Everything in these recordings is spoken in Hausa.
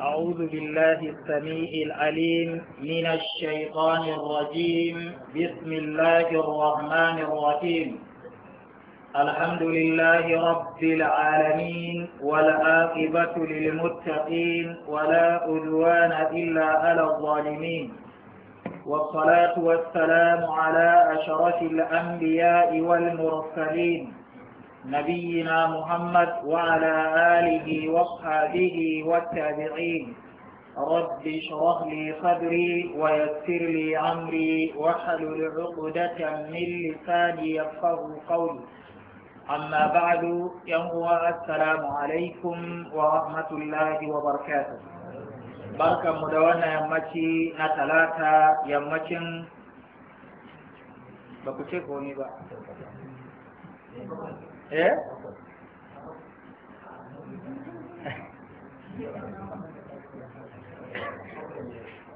أعوذ بالله السميع العليم من الشيطان الرجيم بسم الله الرحمن الرحيم الحمد لله رب العالمين والعاقبة للمتقين ولا أدوان إلا على الظالمين والصلاة والسلام على أشرف الأنبياء والمرسلين نبينا محمد وعلى آله وصحبه والتابعين رب اشرح لي صدري ويسر لي أمري واحلل عقدة من لساني يفقه قولي أما بعد ينقوى السلام عليكم ورحمة الله وبركاته بركة مدونة يمتي نتلاتة يمتي بكتشكوني بقى Eh?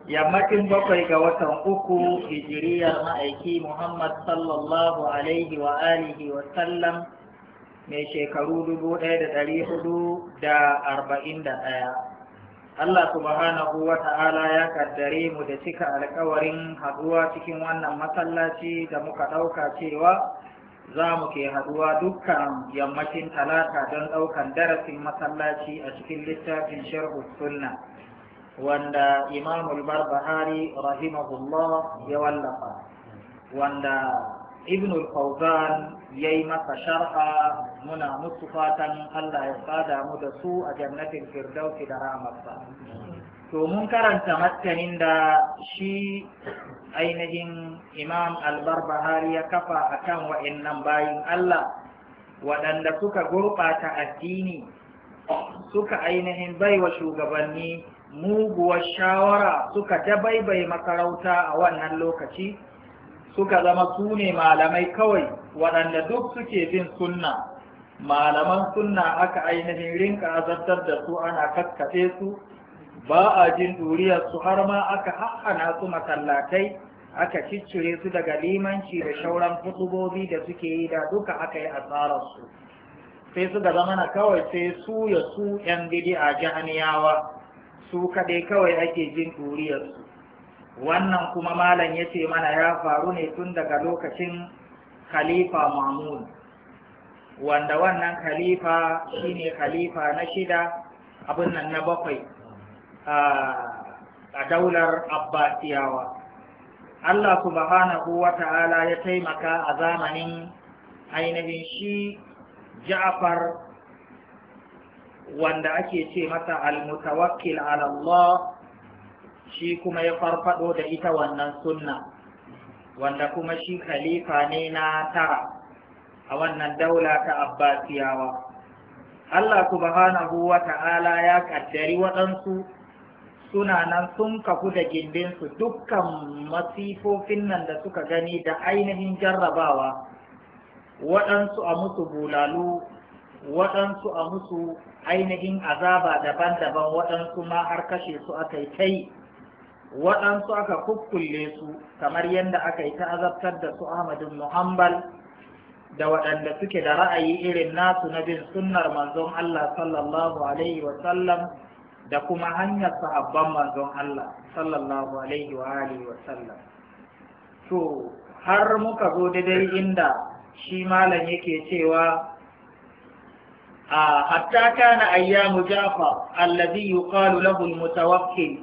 yammacin bakwai ga watan uku hijiriyar ma'aiki Muhammad sallallahu alaihi wa alihi mai shekaru dubu ɗaya da ɗari hudu da arba'in da ɗaya. Allah subhanahu wa ta'ala ya kaddare mu da cika alkawarin haɗuwa cikin wannan masallaci da muka ɗauka cewa za mu ke haɗuwa dukkan yammacin talata don ɗaukan darasin masallaci a cikin littafin sharhu sunna wanda imamul barbahari rahimahullah ya wallafa wanda ibnul fauzan ya yi masa sharha muna musu fatan allah ya tsada mu da su a jannatin firdausi da ramarsa to mun karanta martanin da shi ainihin imam albarbahari ya kafa a akan wa'annan bayin Allah waɗanda suka gurɓata addini suka ainihin baiwa shugabanni muguwar shawara suka dabaibai makarauta a wannan lokaci suka zama su ne malamai kawai waɗanda duk suke bin sunna malaman sunna aka ainihin rinka azabtar da su ana kaskace su ba a jin su har ma aka haɗana su masallatai aka ciccire su daga limanci da shauran hutubobi da suke yi da duka aka yi asararsu sai suka zama na kawai sai su ya su ‘yan a jahaniyawa su kaɗai kawai ake jin ɗuriyarsu wannan kuma malam ya ce mana ya faru ne tun daga lokacin khalifa mamun wanda wannan khalifa shine khalifa na shida abin nan na bakwai a daular abbasiyawa Allah subhanahu wa ta'ala ya taimaka a zamanin ainihin shi ja'far wanda ake ce masa al-mutawakkil ala Allah shi kuma ya farfado da ita wannan sunna wanda kuma shi khalifa ne na tara a wannan daula ta abbasiyawa Allah subhanahu wa ta'ala ya kaddari waɗansu suna nan sun kafu da gindinsu dukkan masifofin nan da suka gani da ainihin jarrabawa waɗansu a musu bulalu waɗansu a musu ainihin azaba daban-daban waɗansu ma har kashe su aka yi kai waɗansu aka kukkulle su kamar yadda aka yi ta azabtar da su ahmadin muhammad da waɗanda suke da ra'ayi irin nasu na bin sunnar manzon allah sallallahu alaihi wasallam da kuma hanyar sahabban manzon Allah sallallahu alaihi wa alihi wa sallam to har muka zo daidai inda shi malam yake cewa a hatta kana ayyamu Jafa, alladhi yuqalu lahu al-mutawakkil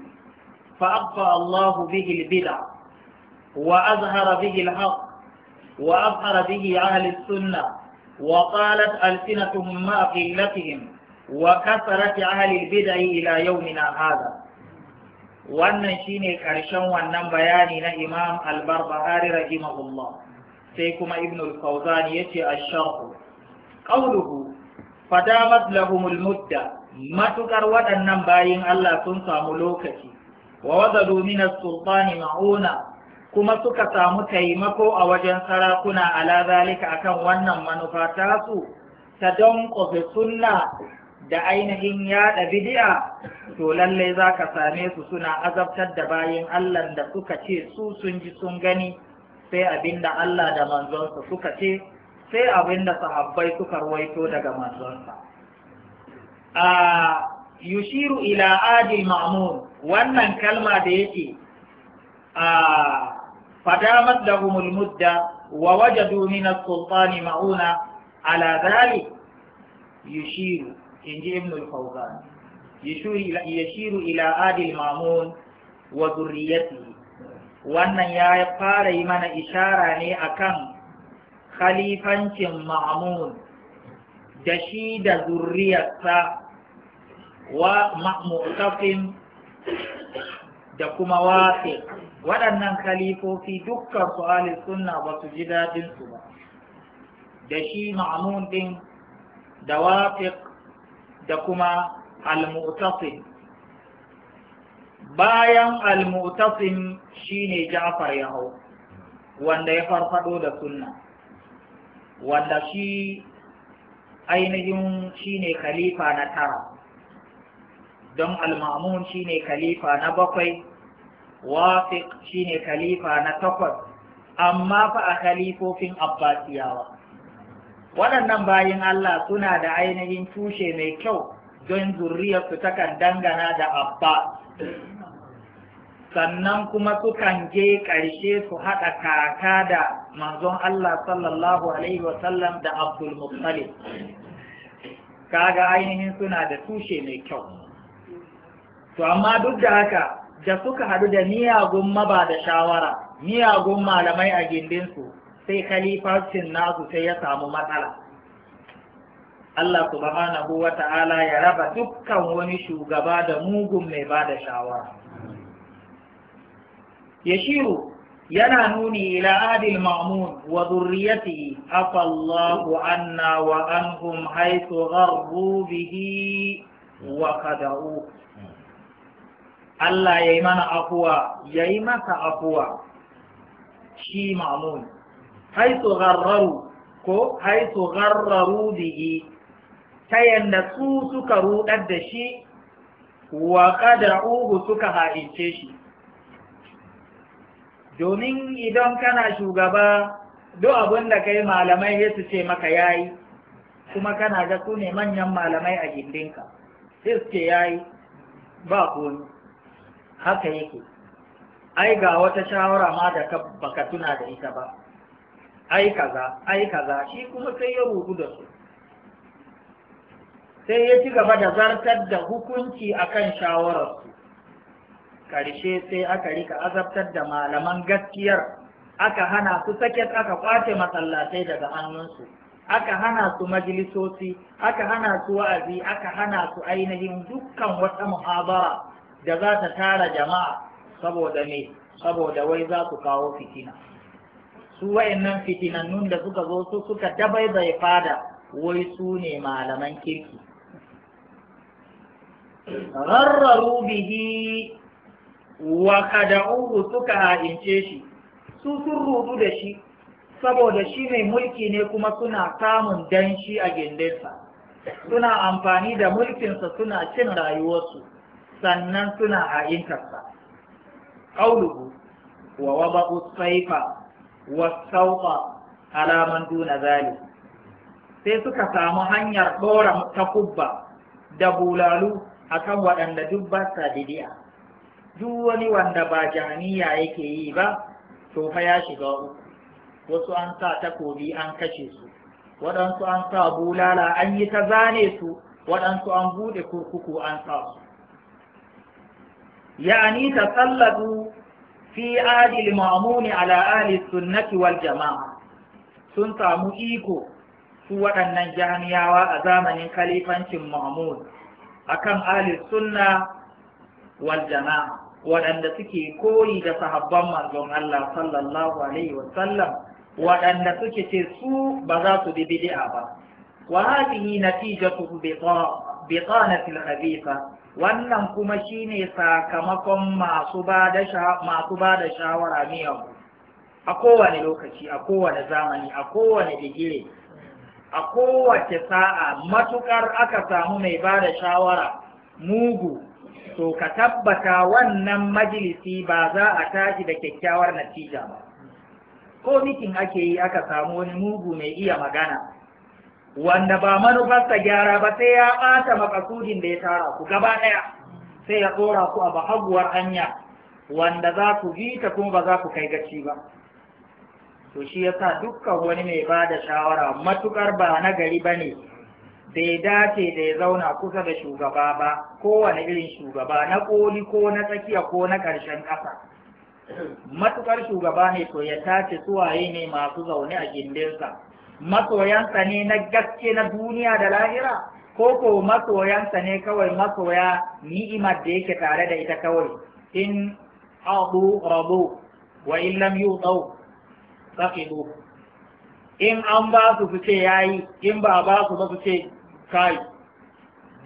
fa abqa Allah bihi bida wa azhara bihi al wa abhara bihi ahli as-sunnah وقالت ألسنتهم ما قلتهم wa kasarati ahli bid'ah ila yawmina hada. wannan shine ƙarshen wannan bayani na Imam albarbahari barbahari rahimahullah sai kuma Ibn al-Fawzan ce a sharh qawluhu fadamat lahumul mudda Matuƙar waɗannan bayin Allah sun samu lokaci wa waza min sultani ma'una kuma suka samu taimako a wajen sarakuna ala zalika akan wannan manufa tasu ta don sunna da ainihin yaɗa bidi'a to lalle za ka same su suna azabtar da bayan Allah da suka ce su sun ji sun gani sai abinda Allah da manzonsa suka ce sai abinda sahabbai suka ruwaito daga manzonsa a yushiru ila adil ma'mun wannan kalma da yake a fadamat lahumul mudda wa wajadu min sultani ma'una ala dhalik yushiru in ji ibn al-fawzan yashiru ila adil mamun wa zurriyatihi wannan ya fara yi mana ishara ne akan khalifancin ma'mun da shi da zurriyarsa wa da kuma wafi waɗannan khalifofi dukkan su sunna ba su ji daɗinsu ba da shi Ma'amun ɗin da wafiq da kuma al-mu'tasim bayan al-mu'tasim shine Ja'far ya hau wanda ya farfado da sunna wanda shi ainihin shine khalifa na tara don al-ma'mun shine khalifa na bakwai wafiq shine khalifa na takwas amma fa a khalifofin abbasiyawa waɗannan bayin Allah suna da ainihin tushe mai kyau don zurriyarsu takan dangana da abba sannan kuma sukan je ƙarshe su haɗa kaka da manzon Allah sallallahu alaihi wasallam da Abdul Ka kaga ainihin suna da tushe mai kyau to amma duk da haka da suka haɗu da miyagun maba da shawara miyagun malamai a gindinsu sai khalifancin nasu sai ya samu matsala Allah subhanahu wa ta'ala ya raba dukkan wani shugaba da mugun mai ba da shawara yashiru yana nuni ila adil ma'mun wa zurriyatihi afallahu anna wa anhum haythu gharru bihi wa qada'u Allah yayi mana afuwa yayi maka afuwa shi ma'mun haitu gharraru ko haitu gharraru bihi ta yanda su suka rudar da shi wa ugu suka ha'ince shi domin idan kana shugaba duk abin da kai malamai ya su ce maka yayi kuma kana ga su ne manyan malamai a gindinka sai su ce yayi ba komi haka yake ai ga wata shawara ma da baka tuna da ita ba ai kaza ai kaza shi kuma sai ya rudu da su sai ya ci gaba da zartar da hukunci a akan shawararsu ƙarshe sai aka rika azabtar da malaman gaskiyar aka hana su saket aka kwace masallatai daga hannunsu aka hana su majalisoci aka hana su wa'azi aka hana su ainihin dukkan wata muhabara da za ta tara jama'a saboda me saboda wai za su kawo fitina su wa'annan fitinannun da suka zo su suka dabaibaye fada wai su ne malaman kirki rarraru bihi wa kada'uhu suka ha'ince shi su sun rudu da shi saboda shi mai mulki ne kuma suna samun danshi a gindinsa suna amfani da mulkinsa suna cin rayuwarsu sannan suna ha'intarsa ƙaunuhu wa waba'u saifa wasauka alaman duna zali sai suka samu hanyar ɗora takubba da bulalu akan waɗanda duk ba sa bidiya wanda ba jami'a yake yi ba to fa ya shiga uku wasu an sa takobi an kashe su waɗansu an sa bulala an yi ta zane su waɗansu an buɗe kurkuku an sa su ya'ani ta salladu. fi adil mamuni ala ahli sunnati wal jama'a sun samu iko su waɗannan jahaniyawa a zamanin kalifancin mamun akan ali sunna wal jama'a waɗanda suke koyi da sahabban manzon Allah sallallahu alaihi waɗanda suke ce su ba za su bi bid'a ba wa hadhihi natijatu bi qanatil khabitha wannan kuma shine sakamakon masu ba da shawara miyan a kowane lokaci a kowane zamani a kowane digire a kowace sa'a matukar aka samu mai ba da shawara mugu to ka tabbata wannan majalisi ba za a tashi da kyakkyawar natija ba ko mitin ake yi aka samu wani mugu mai iya magana wanda ba manufarsa gyara ba sai ya ɓata makasudin da ya tara ku gaba ɗaya sai ya tsora ku a bahaguwar hanya wanda za ku bi ta kuma ba za ku kai gaci ba to shi yasa dukkan wani mai ba da shawara matukar ba na gari ba ne bai dace da ya zauna kusa da shugaba ba kowane irin shugaba na koli ko na tsakiya ko na ƙarshen ƙasa Matuƙar shugaba ne to ya tace suwaye ne masu zaune a gindinsa masoyansa ne na gaske na duniya da lahira ko ko masoyansa ne kawai masoya ni'imar da yake tare da ita kawai in abu rabu wa in lam yudau saqidu in an ba su su ce yayi in ba ba su ba su ce kai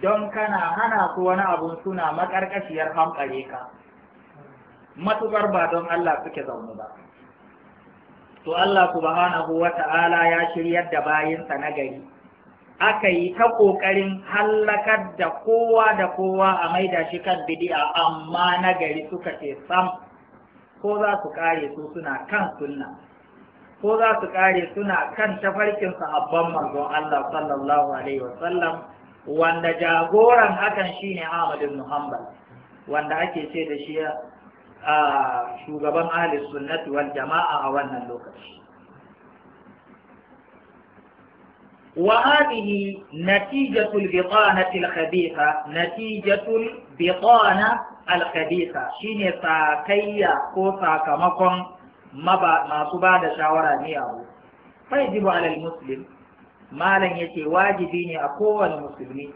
don kana hana su wani abun suna makarkashiyar hankale ka matukar ba don Allah suke zaune ba to Allah subhanahu wa ta'ala ya shiryar da bayinsa na gari aka yi ta ƙoƙarin hallakar da kowa da kowa a maida shi kan bidi'a amma na gari suka ce sam ko za su kare su suna kan sunna ko za su kare suna kan tafarkin sahabban manzon Allah sallallahu alaihi wasallam wanda jagoran hakan shine Ahmad ibn Hanbal wanda ake ce da shi a shugaban ahli sunnati wal jama'a a wannan lokaci. Wa hadihi natijatul biqanatil khabitha natijatul biqana al khabitha shine sakayya ko sakamakon masu ba da shawara ne a hu fayjibu alal muslim malan yace wajibi ne a kowane musulmi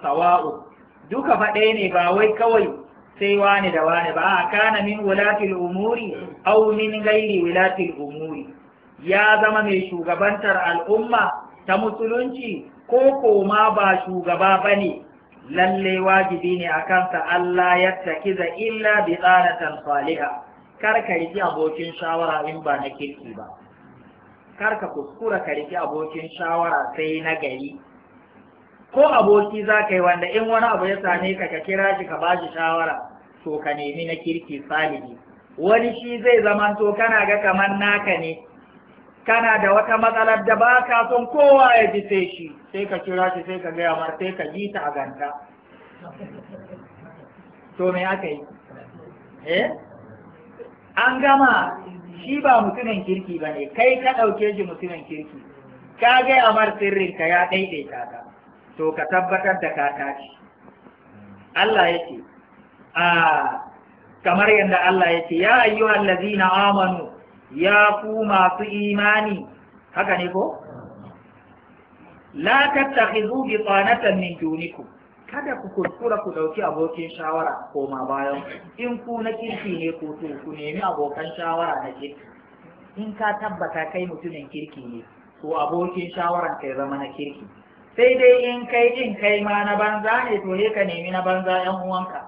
sawa'u duka fa ne ba wai kawai sai wani da wani ba a kana min wulatil umuri au min gairi wulatil umuri ya zama mai shugabantar al'umma ta musulunci ko koma ba shugaba ba ne lalle wajibi ne a kansa Allah ya takiza illa bi tsanatan saliha kar ka abokin shawara in ba na kirki ba kar kuskura ka riki abokin shawara sai na gari ko aboki za ka wanda in wani abu ya same ka ka kira shi ka ba shi shawara to ka nemi na kirki salihi wani shi zai to kana ga kamar naka ne kana da wata matsalar da ba ka son kowa ya ji sai shi sai ka kira shi sai ka gaya mar sai ka ji ta a ganta to me aka yi eh an gama shi ba mutumin kirki ba ne kai ka ɗauke shi mutumin kirki ka gaya mar sirrin ka ya ɗaiɗaita ka to ka tabbatar da ka tashi Allah yake Ah, kamar yadda Allah ya ce ya ayyuhal allazina amanu ya ku masu imani haka ne ko la tattakhidhu bi qanatan min dunikum kada ku kuskura ku ɗauki abokin shawara koma bayan in ku na kirki ne ku to ku nemi abokan shawara na kirki in ka tabbata kai mutumin kirki ne to abokin shawaran kai zama na kirki sai dai in kai in kai ma na banza ne to he ka nemi na banza yan uwanka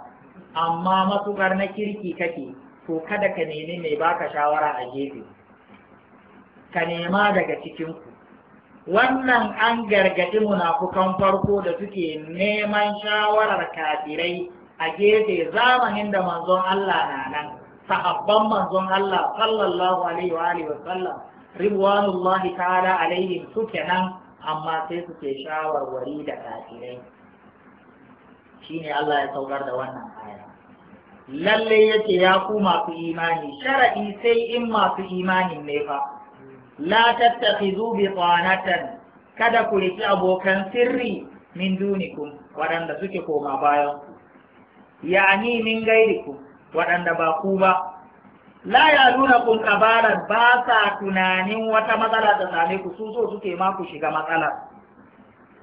amma matukar na kirki kake to kada ka nemi mai baka shawara a gefe ka nema daga cikinku wannan an gargaɗi munafukan farko da suke neman shawarar kafirai a gefe zamanin da manzon Allah na nan sahabban manzon Allah sallallahu alaihi wa alihi wa sallam ribwanullahi ta'ala alaihim suke nan amma sai suke shawarwari da kafirai shine Allah ya saukar da wannan lalle yake ya ku masu imani shara'i sai in masu imanin ne fa la tattakhizu bi qanatan kada ku riki abokan sirri min dunikum waɗanda suke koma bayan ya'ani min gairiku waɗanda ba ku ba la ya nuna kun kabaran ba sa tunanin wata matsala da same ku su so suke ma ku shiga matsala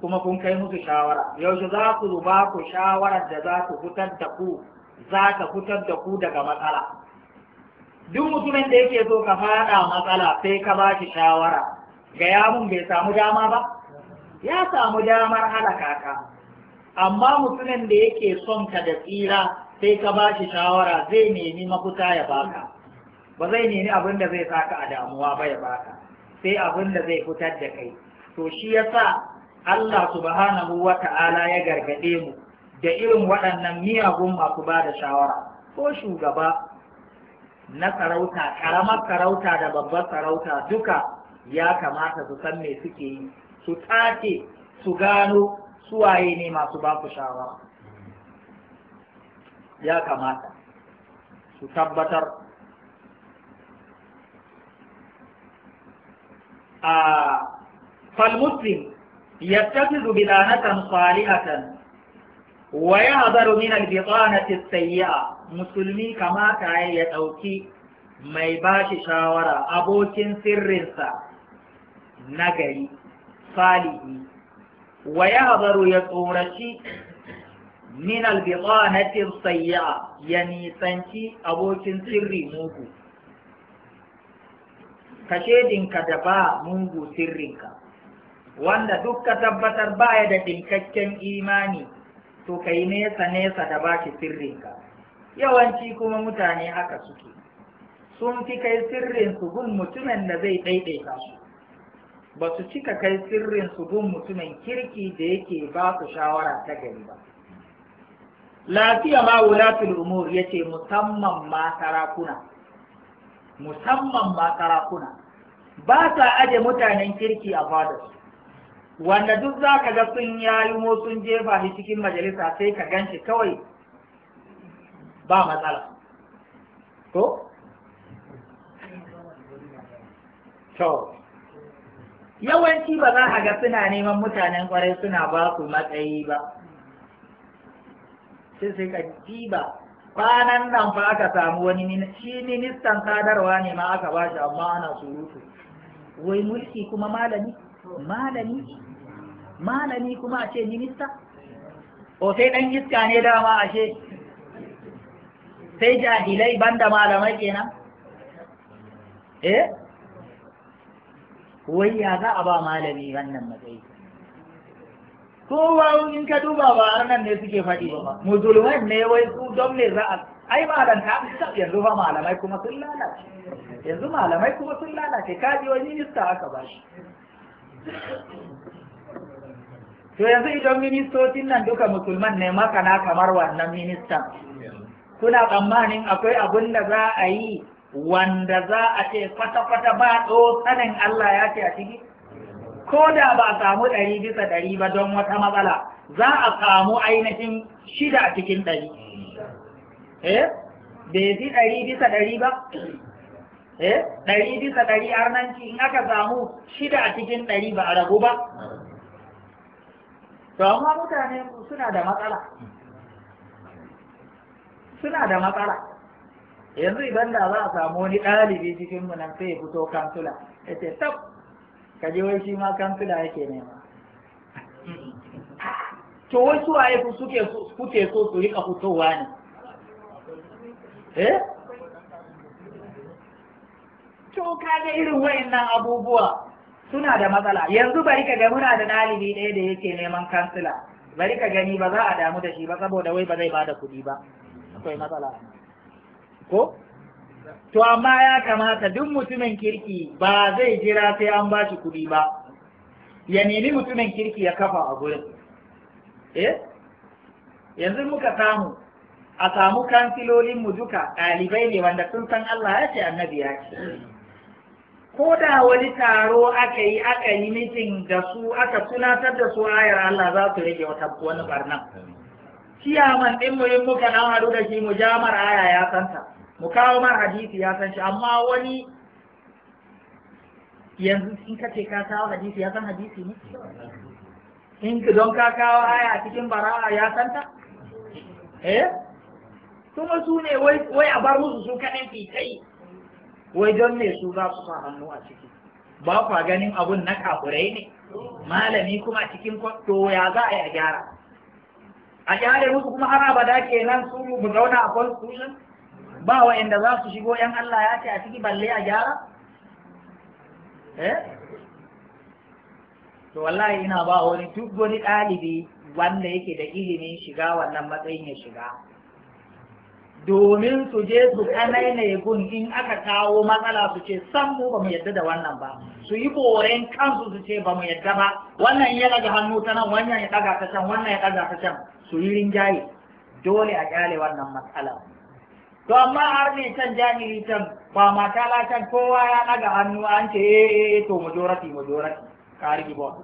kuma kun kai musu shawara yaushe za ku ruba ku shawarar da za ku fitar da ku za ka fitar da ku daga matsala duk mutumin da yake so ka faɗa matsala sai ka ba shi shawara ga yamun bai samu dama ba ya samu damar halaka kaka. amma mutumin da yake son ka da tsira sai ka ba shi shawara zai nemi mafita ya baka ba zai nemi abin da zai saka a damuwa ba ya baka sai abin da zai fitar da kai to shi yasa Allah subhanahu wa ta'ala ya gargade mu da irin waɗannan miyagun masu ba da shawara ko shugaba na sarauta karamar sarauta da babbar sarauta duka ya kamata su san me suke yi su tace su gano suwaye ne masu ba ku shawara ya kamata su tabbatar a falmuslim yattakizu bidanatan salihatan wa yahzaru min al-bitanati musulmi kamata ya ɗauki mai bashi shawara abokin sirrinsa nagari salihi wa yahzaru ya tsoraci min al-bitanati sayyi'a ya nisanci abokin sirri mugu ka shedinka da ba mugu sirrinka wanda duk ka tabbatar baya da dinkakken imani to ka yi nesa nesa da baki sirrinka yawanci kuma mutane haka suke sun fi kai sirrin su gun mutumin da zai ɗaiɗaita su ba su cika kai sirrin su gun mutumin kirki da yake ba su shawara ta gari ba lafiya ma wulatul umur yace musamman ma sarakuna musamman ma sarakuna ba sa aje mutanen kirki a fadarsu wanda duk za ka ga sun yayi mo sun jefa shi cikin majalisa sai ka ganshi kawai ba matsala to to yawanci ba za a ga suna neman mutanen kwarai suna ba su matsayi ba sai sai ka kwanan nan fa aka samu wani shi ministan sadarwa ne ma aka ba shi amma ana surutu wai mulki kuma malami malami malami kuma a ce minista o sai dan iska ne dama ashe sai jahilai banda malamai kenan eh wai ya za a ba malami wannan matsayi kowa in ka duba ba nan ne suke faɗi ba musulman ne wai su don me za a ai malanta yanzu fa malamai kuma sun lalace yanzu malamai kuma sun lalace kaji wani minista aka ba shi to yanzu idan ministocin nan duka musulman ne makana kamar wannan ministan kuna tsammanin akwai abin da za a yi wanda za a ce kwata-kwata ba tsanin Allah ya ce a ciki ko da ba a samu ɗari bisa ɗari ba don wata matsala za a samu ainihin shida a cikin ɗari eh bai fi ɗari bisa ɗari ba eh ɗari bisa ɗari arnanci in aka samu shida a cikin ɗari ba a ragu ba to amma mutane suna da matsala suna da matsala yanzu idan da za a samu wani ɗalibi cikin mu nan sai ya fito kansula ya ce tab ka je wai shi ma kansula yake nema to wai su waye suke kuke so su rika fitowa ne eh to kaga irin wayannan abubuwa suna da matsala yanzu bari ka ga muna da ɗalibi ɗaya da yake neman kansila bari ka gani ba za a damu da shi ba saboda wai ba zai bada kuɗi ba akwai matsala ko to amma ya kamata duk mutumin kirki ba zai jira sai an ba shi kuɗi ba ya nemi mutumin kirki ya kafa a gurin eh yanzu muka samu a samu kansilolin mu duka ɗalibai ne wanda sun san Allah ya ce annabi ya ce ko da wani taro aka yi aka yi mitin da su aka tunatar da su ayar Allah za su rage wata wani barnan man din mu yin muka nan haɗu da shi mu jamar aya ya santa mu kawo mar hadisi ya san shi amma wani yanzu in ka ce ka kawo hadisi ya san hadisi ne in don ka kawo aya a cikin bara'a ya santa eh kuma su ne wai a bar musu su kaɗan fitai wai don me su za su sa hannu a ciki ba kwa ganin abun na kafurai ne malami kuma cikin to ya za a yi a gyara a gyara musu kuma har abada kenan su mu zauna a constitution ba wa'anda za su shigo yan Allah ya ce a ciki balle a gyara eh to wallahi ina ba wani duk wani ɗalibi wanda yake da ilimin shiga wannan matsayin ya shiga domin su je su na gun in aka kawo matsala su ce san mu ba mu yadda da wannan ba su yi koren kansu su ce ba mu yadda ba wannan ya daga hannu ta nan wannan ya daga ta can wannan ya daga ta can su yi rinjaye dole a kyale wannan matsala to amma har ne can jami'i can ba mata can kowa ya daga hannu an ce eh eh, eh to majority majority kari gibo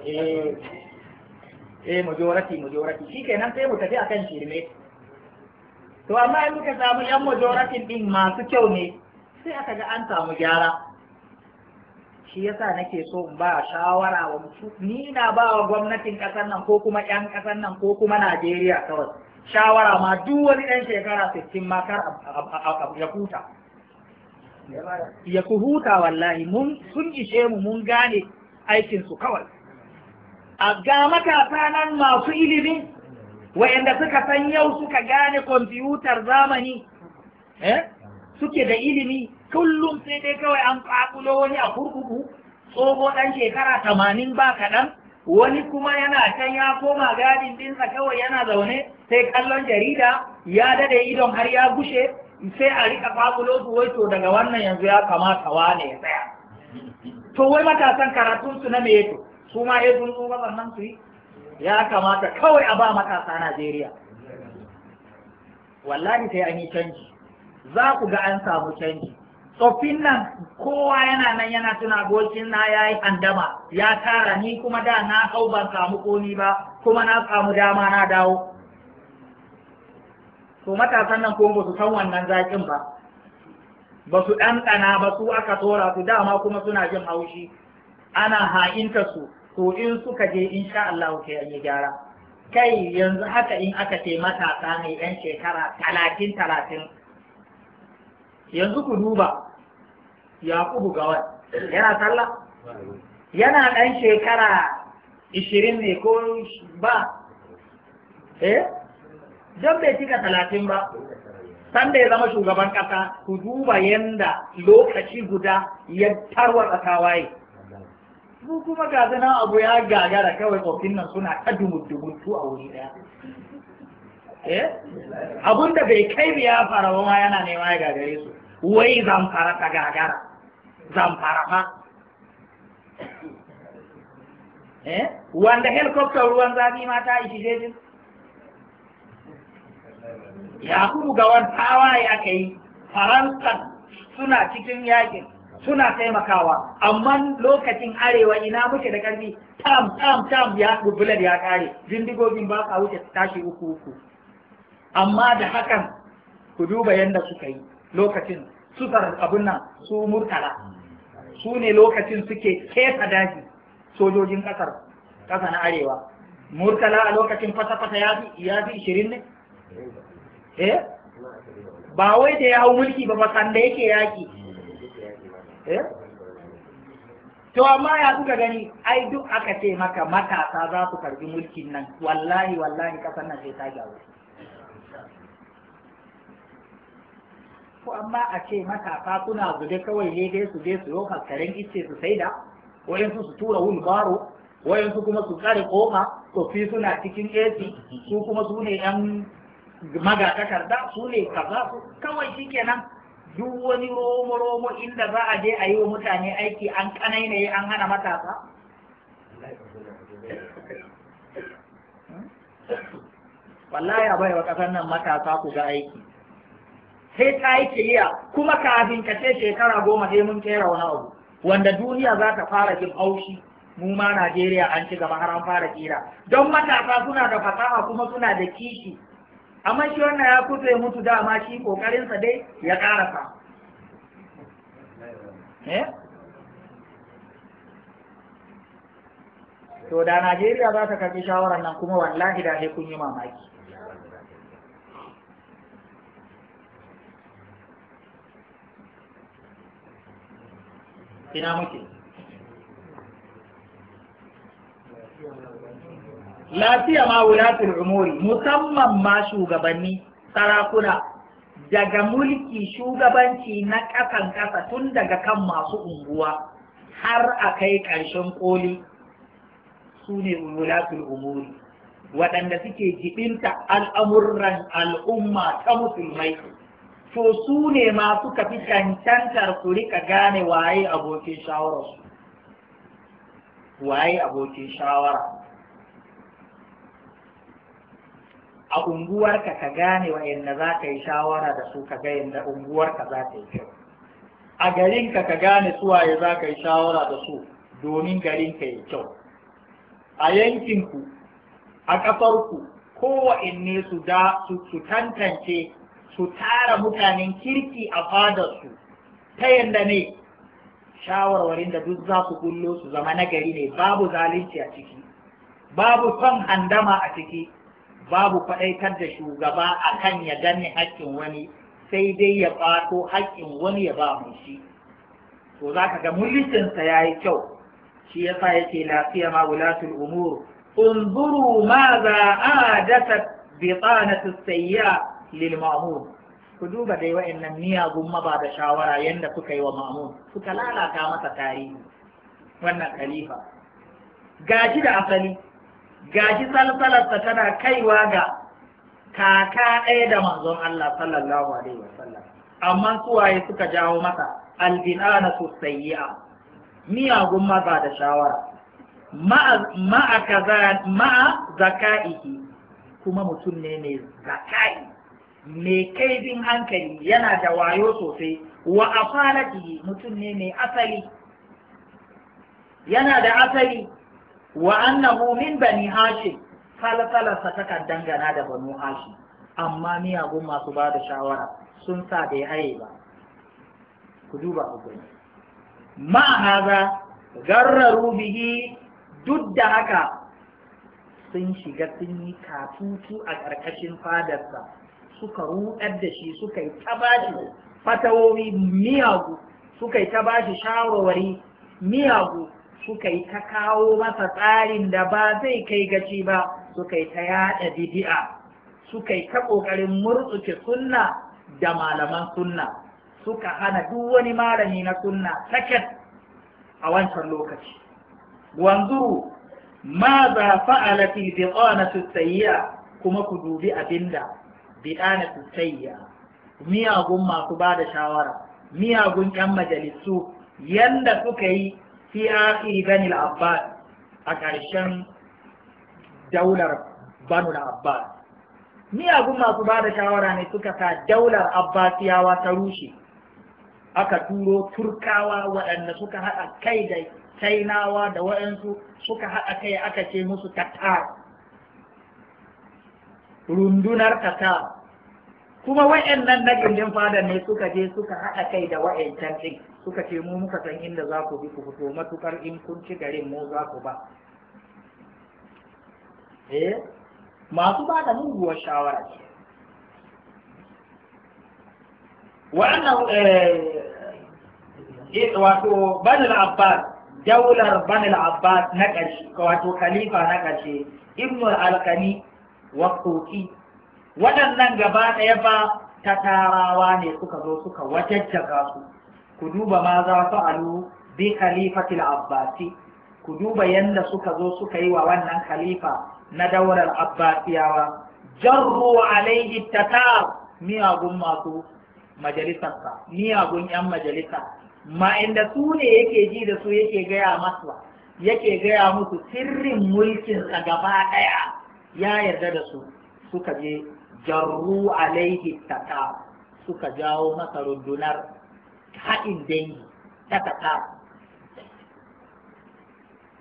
eh eh majority majority shikenan sai mu tafi akan shirme to amma in muka samu yan majoratin din masu kyau ne sai aka ga an samu gyara shi yasa nake so in ba shawara wa ni na ba wa gwamnatin ƙasar nan ko kuma yan ƙasar nan ko kuma Najeriya kawai shawara ma duk wani dan shekara 60 ma kar ya huta ya ku huta wallahi mun sun ishe mu mun gane aikin su kawai a ga matasa nan masu ilimi wa'anda suka san yau suka gane kwamfutar zamani eh, suke da ilimi kullum sai dai kawai an ƙaƙulo wani a kurkuku tsoho ɗan shekara tamanin ba kaɗan wani kuma yana can ya koma gadin dinsa kawai yana zaune sai kallon jarida ya dade idon har ya gushe sai a rika ƙaƙulo su wai to daga wannan yanzu ya kamata wane ya tsaya to wai matasan karatun su na me su ma ya zunzo ba sannan su yi ya kamata kawai a ba matasa Najeriya wallahi sai an yi canji za ku ga an samu canji tsoffin nan kowa yana nan yana tuna abokin na ya yi handama ya tara ni kuma da na hau ban samu komi ba kuma na samu dama na dawo to matasan nan ko ba su san wannan zaƙin ba ba su ɗanɗana ba su aka tora su dama kuma suna jin haushi ana ha'inta su to in suka je in sha Allah ke an yi gyara kai yanzu haka in aka ce matasa mai yan shekara talatin talatin yanzu ku duba yakubu gawan yana sallah yana ɗan shekara ishirin ne ko ba eh don bai cika talatin ba sanda ya zama shugaban ƙasa ku duba yanda lokaci guda ya tarwa tarwatsa waye. su kuma ga zana abu ya gagara kawai tsofin nan suna ta su a wuri ɗaya. Eh? abun da bai kai ya fara ba ma yana nema ya gagare su wai zamfara ta gagara zamfara fa eh? wanda helicopter ruwan zafi ma ta ishi jejin ya kuma ga wani tawaye aka yi faransa suna cikin yakin suna taimakawa amma lokacin arewa ina muke da karfi tam tam tam ya dubular ya kare jindigogin ba ka wuce tashi uku uku amma da hakan ku duba yadda suka yi lokacin su abun nan su murtala su ne lokacin suke kesa daji sojojin kasar kasa na arewa murtala a lokacin fata-fata ya fi ishirin ne eh ba wai da ya hau mulki ba ba sanda yake yaki Eh? to amma ya kuka gani ai duk aka ce maka matasa za su karbi mulkin nan wallahi wallahi kasar nan sai ta gyaru ko amma a ce matasa suna zube kawai ne dai su je su yi faskaren ice su saida wayansu su tura wulbaro wayansu kuma su tsare to fi suna cikin AC su kuma su ne yan magatakarda su ne kaza su kawai shikenan duk wani romo romo inda za a je a yi wa mutane aiki an kanainaye an hana matasa wallahi bai wa ƙasar nan matasa ku ga aiki sai ta yi kiliya kuma kafin ka ce shekara goma sai mun kera wani abu wanda duniya za ta fara jin haushi mu ma Najeriya an ci gaba har an fara kira don matasa suna da fasaha kuma suna da kishi amma shi wannan ya fito ya mutu dama shi sa dai ya karasa eh? to da Najeriya za ta karbi shawaran nan kuma wallahi da kun yi mamaki ina muke lafiya ma wulatul umuri musamman ma shugabanni sarakuna daga mulki shugabanci na ƙasan ƙasa tun daga kan masu unguwa har a kai ƙarshen ƙoli su ne wulatul umuri waɗanda suke jibinta al'amuran al'umma ta musulmai to su ne ma suka fi cancantar su rika gane waye abokin shawararsu waye abokin shawara a unguwarka ka gane wa yadda za ka yi shawara da su ka ga yadda unguwarka za ta yi kyau a garinka ka gane suwaye za ka yi shawara da su domin garinka yi kyau a yankinku a ƙasarku kowanne su da su tantance su tara mutanen kirki a fadarsu ta yadda ne shawarwarin da duk za su kullo su zama na gari ne babu zalunci a ciki babu son handama a ciki babu faɗaitar da shugaba akan ya gani haƙƙin wani sai dai ya ɓato haƙƙin wani ya ba mu shi to za ka ga mulkinsa ya yi kyau shi ya sa yake lafiya ma wulatul umur unzuru ma za a dasa bitanatu sayya lil ma'mur ku duba dai wa'annan miyagun maba da shawara yanda kuka yi wa ma'mur suka lalata masa tarihi wannan khalifa gashi da asali gashi salsalarsa tana kaiwa ga kaka ɗaya da manzon Allah sallallahu alaihi wasallam amma suwaye suka jawo masa albinana su sayyi'a miyagun maza da shawara ma'a zaka'ihi kuma mutum ne mai zaka'i mai kaifin hankali yana da wayo sosai wa afalatihi mutum ne mai asali yana da asali wa annahu min bani hashim falsalarsa takan dangana da banu hashim amma miyagun masu ba da shawara sun sa bai haye ba ku duba ku gani garraru bihi duk da haka sun shiga sun yi katutu a ƙarƙashin fadarsa suka ruɗar da shi suka yi ta bashi miyagu suka yi ta bashi shawarwari miyagu suka yi ta kawo masa tsarin da ba zai kai gaci ba suka yi ta yaɗa didi'a. suka yi ta ƙoƙarin murtsuke sunna da malaman sunna suka hana duk wani malami na sunna sakat a wancan lokaci wanzu ma za fa'ala fi bi'anatu sayya kuma ku dubi abinda bi'anatu sayya miyagun masu ba da shawara miyagun 'yan majalisu yanda suka yi fi akhiri bani al-abbas a ƙarshen daular banu al-abbas miyagun masu ba da shawara ne suka sa daular abbasiyawa ta rushe aka turo turkawa waɗanda suka haɗa kai da tainawa da waɗansu suka haɗa kai aka ce musu tatar rundunar tatar kuma wa'annan na gindin fada ne suka je suka haɗa kai da wa'ancan ɗin suka ce mu muka san inda za ku bi ku fito matukar in kun ci garin mu za ku ba eh masu ba da muguwar shawara ce wa'annan eh, eh wato banil abbas daular banil abbas na ƙarshe wato khalifa na ƙarshe ibnu al-alqani wa waɗannan gaba ɗaya ba ta tarawa ne suka zo suka wajajjaga su ku duba ma za su alu bi khalifatil abbasi ku duba yadda suka zo suka yi wa wannan khalifa na daular abbasiyawa jarru alaihi tatar miyagun masu majalisarsa miyagun yan majalisa ma inda su ne yake ji da su yake gaya masu yake gaya musu sirrin mulkinsa gaba ɗaya ya yarda da su suka je jarru alaihi tata suka jawo masa rundunar haɗin dangi ta tata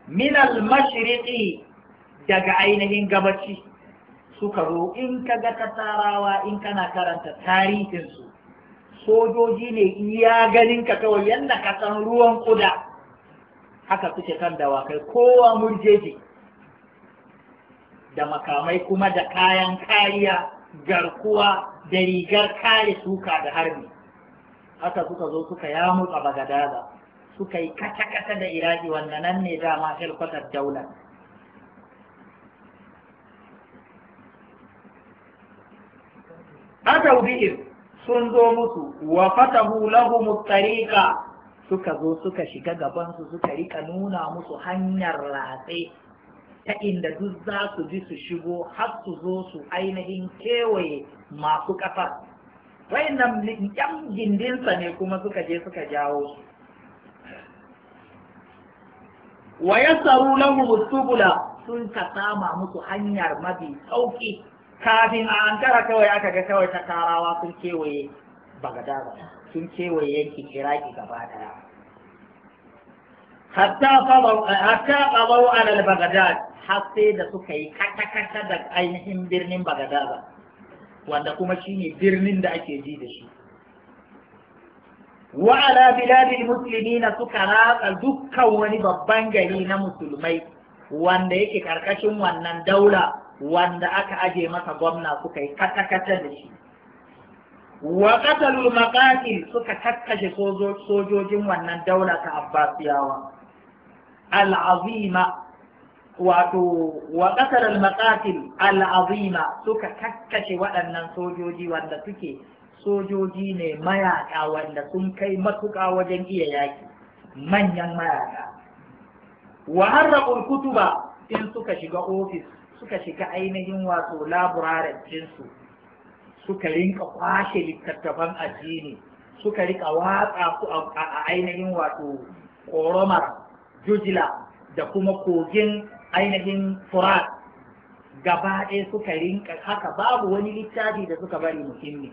minal mashriqi daga ainihin gabaci suka zo in ka ga tasarawa in kana karanta tarihinsu sojoji ne iya ganin ka kawai yadda ka san ruwan kuda haka suke kan dawakai kowa murjeji da makamai kuma da kayan kariya garkuwa da rigar kare suka da harbi haka suka zo suka yamutsa bagadaza suka yi kata-kata da iraki wanda nan ne dama helkwatar daular atau sun zo musu wa fatahu lahum tariqa suka zo suka shiga gabansu suka rika nuna musu hanyar latse ta inda duk za su ji su shigo har su zo su ainihin kewaye masu ƙasa wayannan yan gindinsa ne kuma suka je suka jawo su wa yassaru lahum subula sun ka sama musu hanyar mabi sauki kafin a ankara kawai aka ga kawai ta karawa sun kewaye bagadada sun kewaye yankin iraki gaba daya hatta qabau hatta qabau ala bagdad har sai da suka yi kata kata da ainihin birnin bagdad wanda kuma shine birnin da ake ji da shi wa ala biladil suka ratsa dukkan wani babban gari na musulmai wanda yake karkashin wannan daula wanda aka aje masa gwamna suka yi kata kata da shi wa qatalul maqatil suka kakkashe sojojin wannan daula ta abbasiyawa al'azima wato wa ƙasar al-maqatil al'azima suka kakkashe waɗannan sojoji wanda suke sojoji ne mayata wanda sun kai matuƙa wajen iya yaki manyan mayata. wa harraqul kutuba in suka shiga ofis suka shiga ainihin wato laburaren jinsu suka rinka kwashe littattafan addini suka rika watsa su a ainihin wato ƙoromar jujila da kuma kogin ainihin furat gaba ɗaya suka rinka haka babu wani littafi da suka bari muhimmi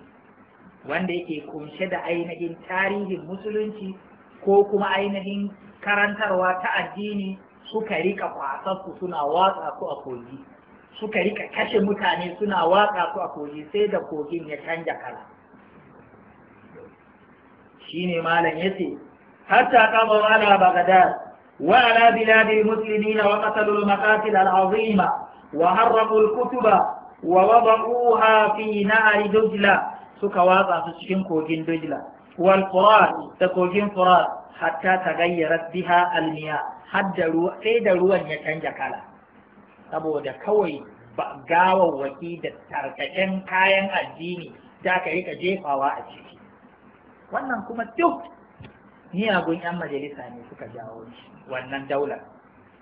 wanda yake kunshe da ainihin tarihin musulunci ko kuma ainihin karantarwa ta addini suka rika kwasarsu suna watsa su a kogi suka rika kashe mutane suna watsa su a kogi sai da kogin ya canja kala shine malam yace hatta kama ala bagadad وعلى بلاد المسلمين وقتلوا المقاتل العظيمة وهربوا الكتب ووضعوها في نهر دجلة سكواطا تشكين كوجين دجلة والقرآن تكوجين فرات حتى تغيرت بها المياه حد روح سيد روح يتنجا كلا تبو دا كوي gawa waki da tarkacen kayan addini da aka rika jefawa a ciki wannan kuma duk miyagun 'yan majalisa ne suka jawo shi wannan daular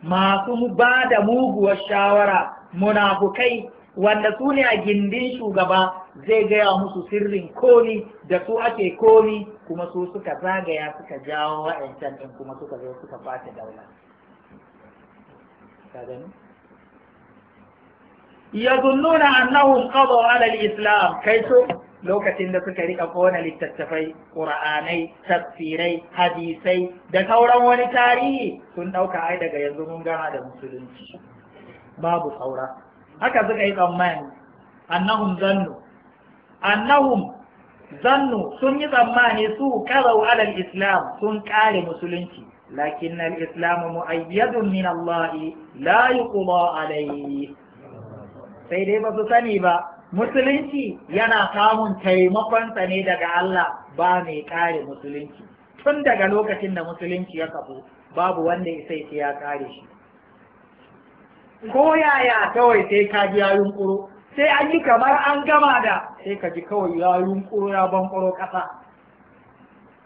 masu ba da muguwar shawara munafukai wanda su ne a gindin shugaba zai gaya musu sirrin komi da su ake komi kuma su suka zagaya suka jawo wa'ancan ɗin kuma suka zo suka fata daula yazunnuna annahum qadaw ala al-islam kai to lokacin da suka rika kona littattafai ƙura'anai tafsirai hadisai da sauran wani tarihi sun ɗauka ai daga yanzu mun gama da musulunci babu saura haka suka yi tsammani annahum zannu annahum zannu sun yi tsammani su karau alal islam sun ƙare musulunci lakin al-islam mu'ayyadun min Allah la yuqda alayhi sai dai ba su sani ba musulunci yana samun taimakonsa ne daga Allah ba mai kare musulunci tun daga lokacin da musulunci ya kafu babu wanda ya sai ya kare shi ko yaya kawai sai ka ji ya yunkuro sai an yi kamar an gama da sai ka ji kawai ya yunkuro ya bankuro ƙasa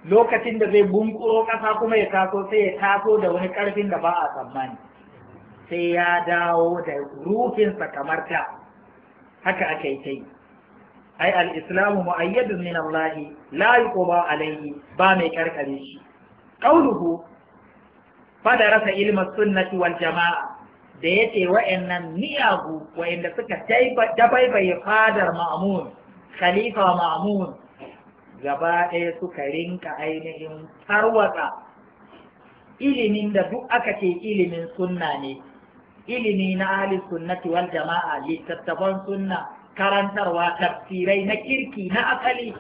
lokacin da zai bunkuro ƙasa kuma ya taso sai ya taso da wani karfin da ba a tsammani sai ya dawo da rufinsa kamar ta haka aka yi ta yi ai al mu'ayyadun min Allah la ba alayhi ba mai karkare shi fada rasa ilma sunnati wal jama'a da ya ce wa'annan miyagu wa'anda suka dabaibaye fadar ma'amun khalifa ma'amun gaba ɗaya suka rinka ainihin tarwatsa ilimin da duk aka ce ilimin sunna ne ilimi na ahli sunnati wal jama'a littattafan sunna karantarwa tafsirai na kirki na asali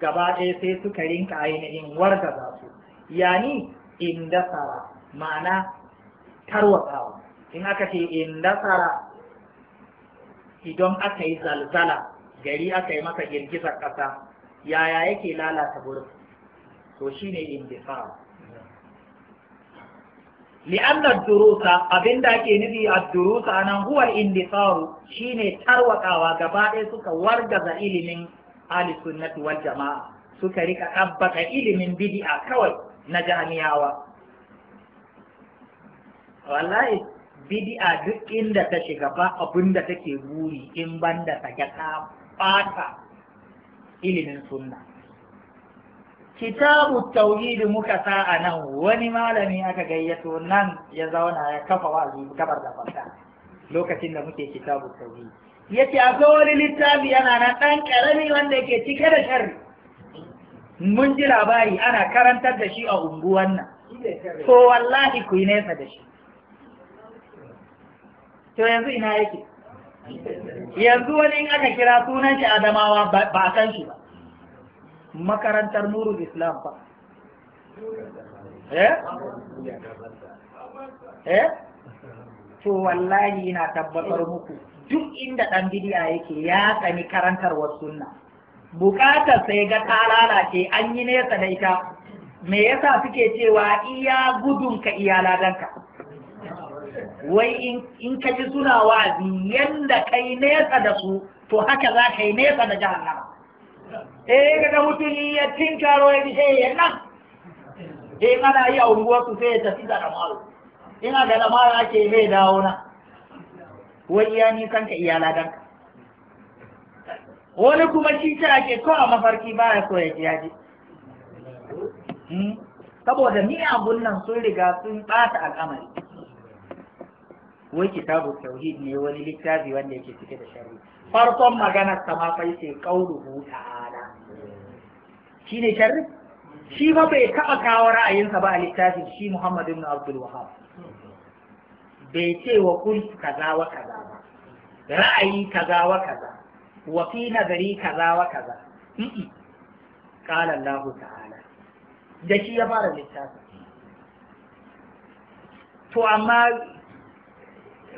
gaba ɗaya sai suka rinka ainihin wargaza su yani indasara ma'ana tarwatsawa in aka ce indasara idan aka yi zalzala gari aka yi masa girgizar ƙasa yaya yake lalata wurin to shine indisara li'anna durusa abinda ake nufi a durusa anan huwa indisaru shine tarwakawa gaba ɗaya suka wargaza ilimin ahli sunnati wal jama'a suka rika tabbata ilimin bid'a kawai na jami'awa wallahi bid'a duk inda ta shiga ba take buri in banda take ta ɓata, ilimin sunna kitabu tauhid muka sa a nan wani malami aka gayyato nan ya zauna ya kafa wa'azi kabar da farka lokacin da muke kitabu tauhid yace akwai wani littafi yana nan dan karami wanda yake cike da sharri mun ji labari ana karantar da shi a unguwan nan to wallahi ku yi nesa da shi to yanzu ina yake yanzu wani in aka kira sunan shi adamawa ba a san shi ba makarantar nurul islam ba eh eh to wallahi na tabbatar muku duk inda dan bidiya yake ya tsani karantarwar sunna bukatar sai ga ta lalace an yi nesa da ita me yasa suke cewa iya ka iya ladanka wai in ka ji suna wa'azi yanda kai nesa da su to haka za ka yi nesa da jahannama eh da mutum ya tinkaro ya bishe ya nan E, ana yi a unguwarsu sai ya tafi da damaru ina da damaru ake mai dawo na wai iya ni kanka iya ladanka wani kuma shi ta ake ko a mafarki ba ya so ya ji yaji hmm? saboda miyagun nan sun riga sun ɓata al'amari wai kitabu tauhid ne wani littafi wanda yake cike da shari'a farkon maganar ta ma fai sai qauluhu ta'ala ne sharri shi ma bai taɓa kawo ra'ayinsa ba a littafin shi Muhammad ibn Abdul Wahhab bai ce wa kun kaza wa kaza ba ra'ayi kaza wa kaza wa fi nazari kaza wa kaza qala Allah ta'ala da shi ya fara littafin to amma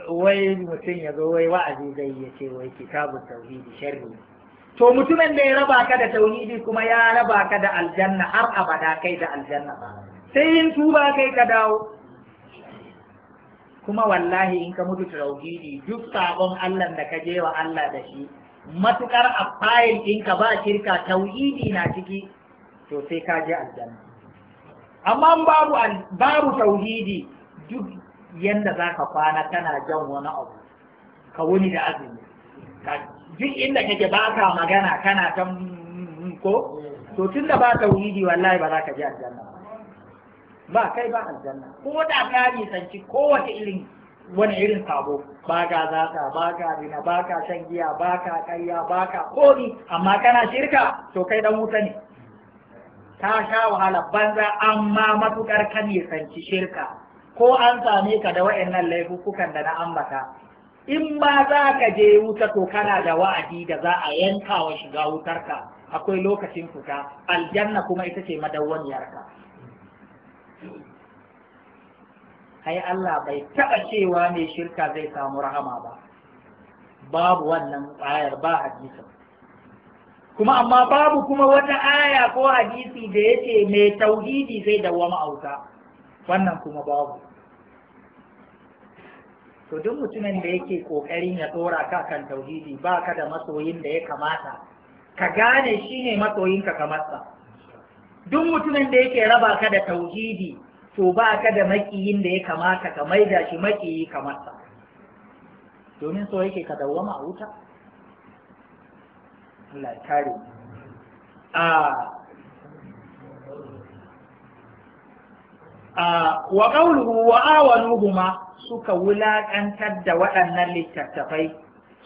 wai mutum ya zo wai wa'azi zai ya ce wai kitabun tauhidi sharri to mutumin da ya raba ka da tauhidi kuma ya raba ka da aljanna har abada kai da aljanna ba sai yin tuba kai ka dawo kuma wallahi in ka mutu tauhidi duk sabon Allah da ka je wa Allah da shi matukar a fayil ɗinka ba shirka tauhidi na ciki to sai ka je aljanna amma babu babu tauhidi duk yanda za ka kwana kana jan wani abu ka wuni da azumi duk inda kake ba ka magana kana ta mm, mm, mm, ko to tun da ba tauhidi wallahi ba za ka je aljanna ba kai ba aljanna ko da ka nisanci kowace irin wani irin sabo ba ka zata ba ka rina ba ka shan giya ba ka karya ba ka komi amma kana shirka to kai dan wuta ne ta sha wahala banza amma matukar ka nisanci shirka ko an same ka da wa'annan laifukan da na ambata in ba za ka je wuta to kana da wa'adi da za a yanka wa shiga wutarka akwai lokacin fita aljanna kuma ita ce madawwaniyarka ai Allah bai taɓa cewa mai shirka zai samu rahama ba babu wannan ayar ba hadisi kuma amma babu kuma wata aya ko hadisi da yake mai tauhidi zai dawwama auta wannan kuma babu to duk mutumin da yake kokarin ya tsora ka kan tauhidi ba ka da masoyin da ya kamata ka gane shi ne masoyinka kamar sa duk mutumin da yake raba ka da tauhidi to ba ka da makiyin da ya kamata ka da shi makiyi kamar sa domin so yake ka dawwama a wuta Allah ya kare a wa qawluhu wa awanuhuma suka wulaƙantar da waɗannan littattafai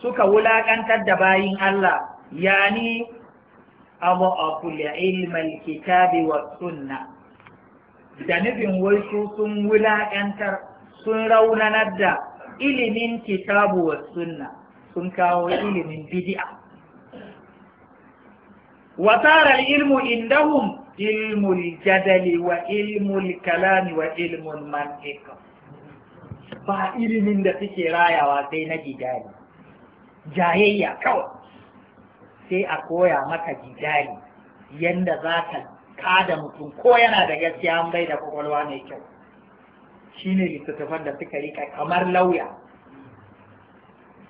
suka wulaƙantar da bayin Allah yani abu kula ilmal kitabi wa sunna da nufin wai su sun wulaƙantar sun raunanar da ilimin kitabu wa sunna sun kawo ilimin bid'a وصار العلم عندهم علم الجدل وعلم الكلام وعلم المنطق ba ilimin da suke rayawa sai na jidali jayayya kawai sai a koya maka jidali yadda za ka kada mutum ko yana da gaskiya an bai da kwakwalwa mai kyau Shi ne littattafan da suka rika kamar lauya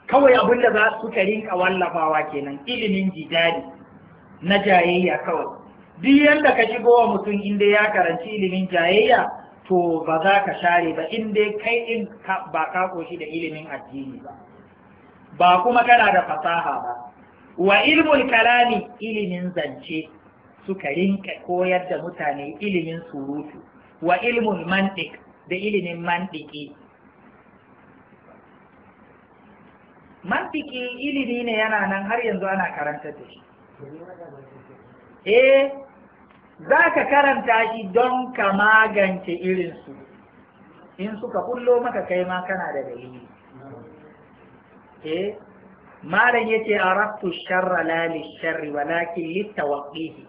kawai abin da za su ka rinka wallafawa kenan ilimin jidali na jayayya kawai duk yadda ka shigo wa mutum inda ya karanci ilimin jayayya to ba za ka share ba in dai kai in ba ka koshi da ilimin addini ba ba kuma kana da fasaha ba wa ilmul kalami ilimin zance suka rinka koyar da mutane ilimin surutu wa ilmul mantik da ilimin mantiki mantiki ilimi ne yana nan har yanzu ana karanta da shi eh za ka karanta shi don ka magance irinsu in suka kullo maka kai ma kana da dalili eh malam yace araftu sharra la lisharri walakin litawqihi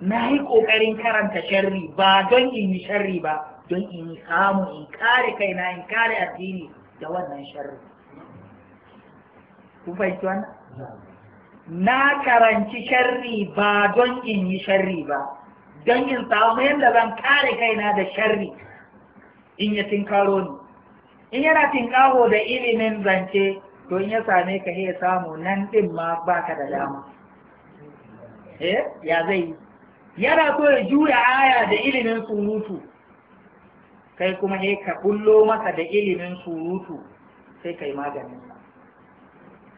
na yi kokarin karanta sharri ba don in yi sharri ba don in samu in kare kaina in kare addini da wannan sharri Ku fahimci wannan na karanci sharri ba don in yi sharri ba don in samu yadda zan kare kaina da sharri in ya tinkaro ni in yana tinkaro da ilimin zance to in ya same ka ya samu nan ɗin ma baka da dama eh ya zai yana so ya juya aya da ilimin surutu kai kuma he ka bullo masa da ilimin surutu sai kai maganin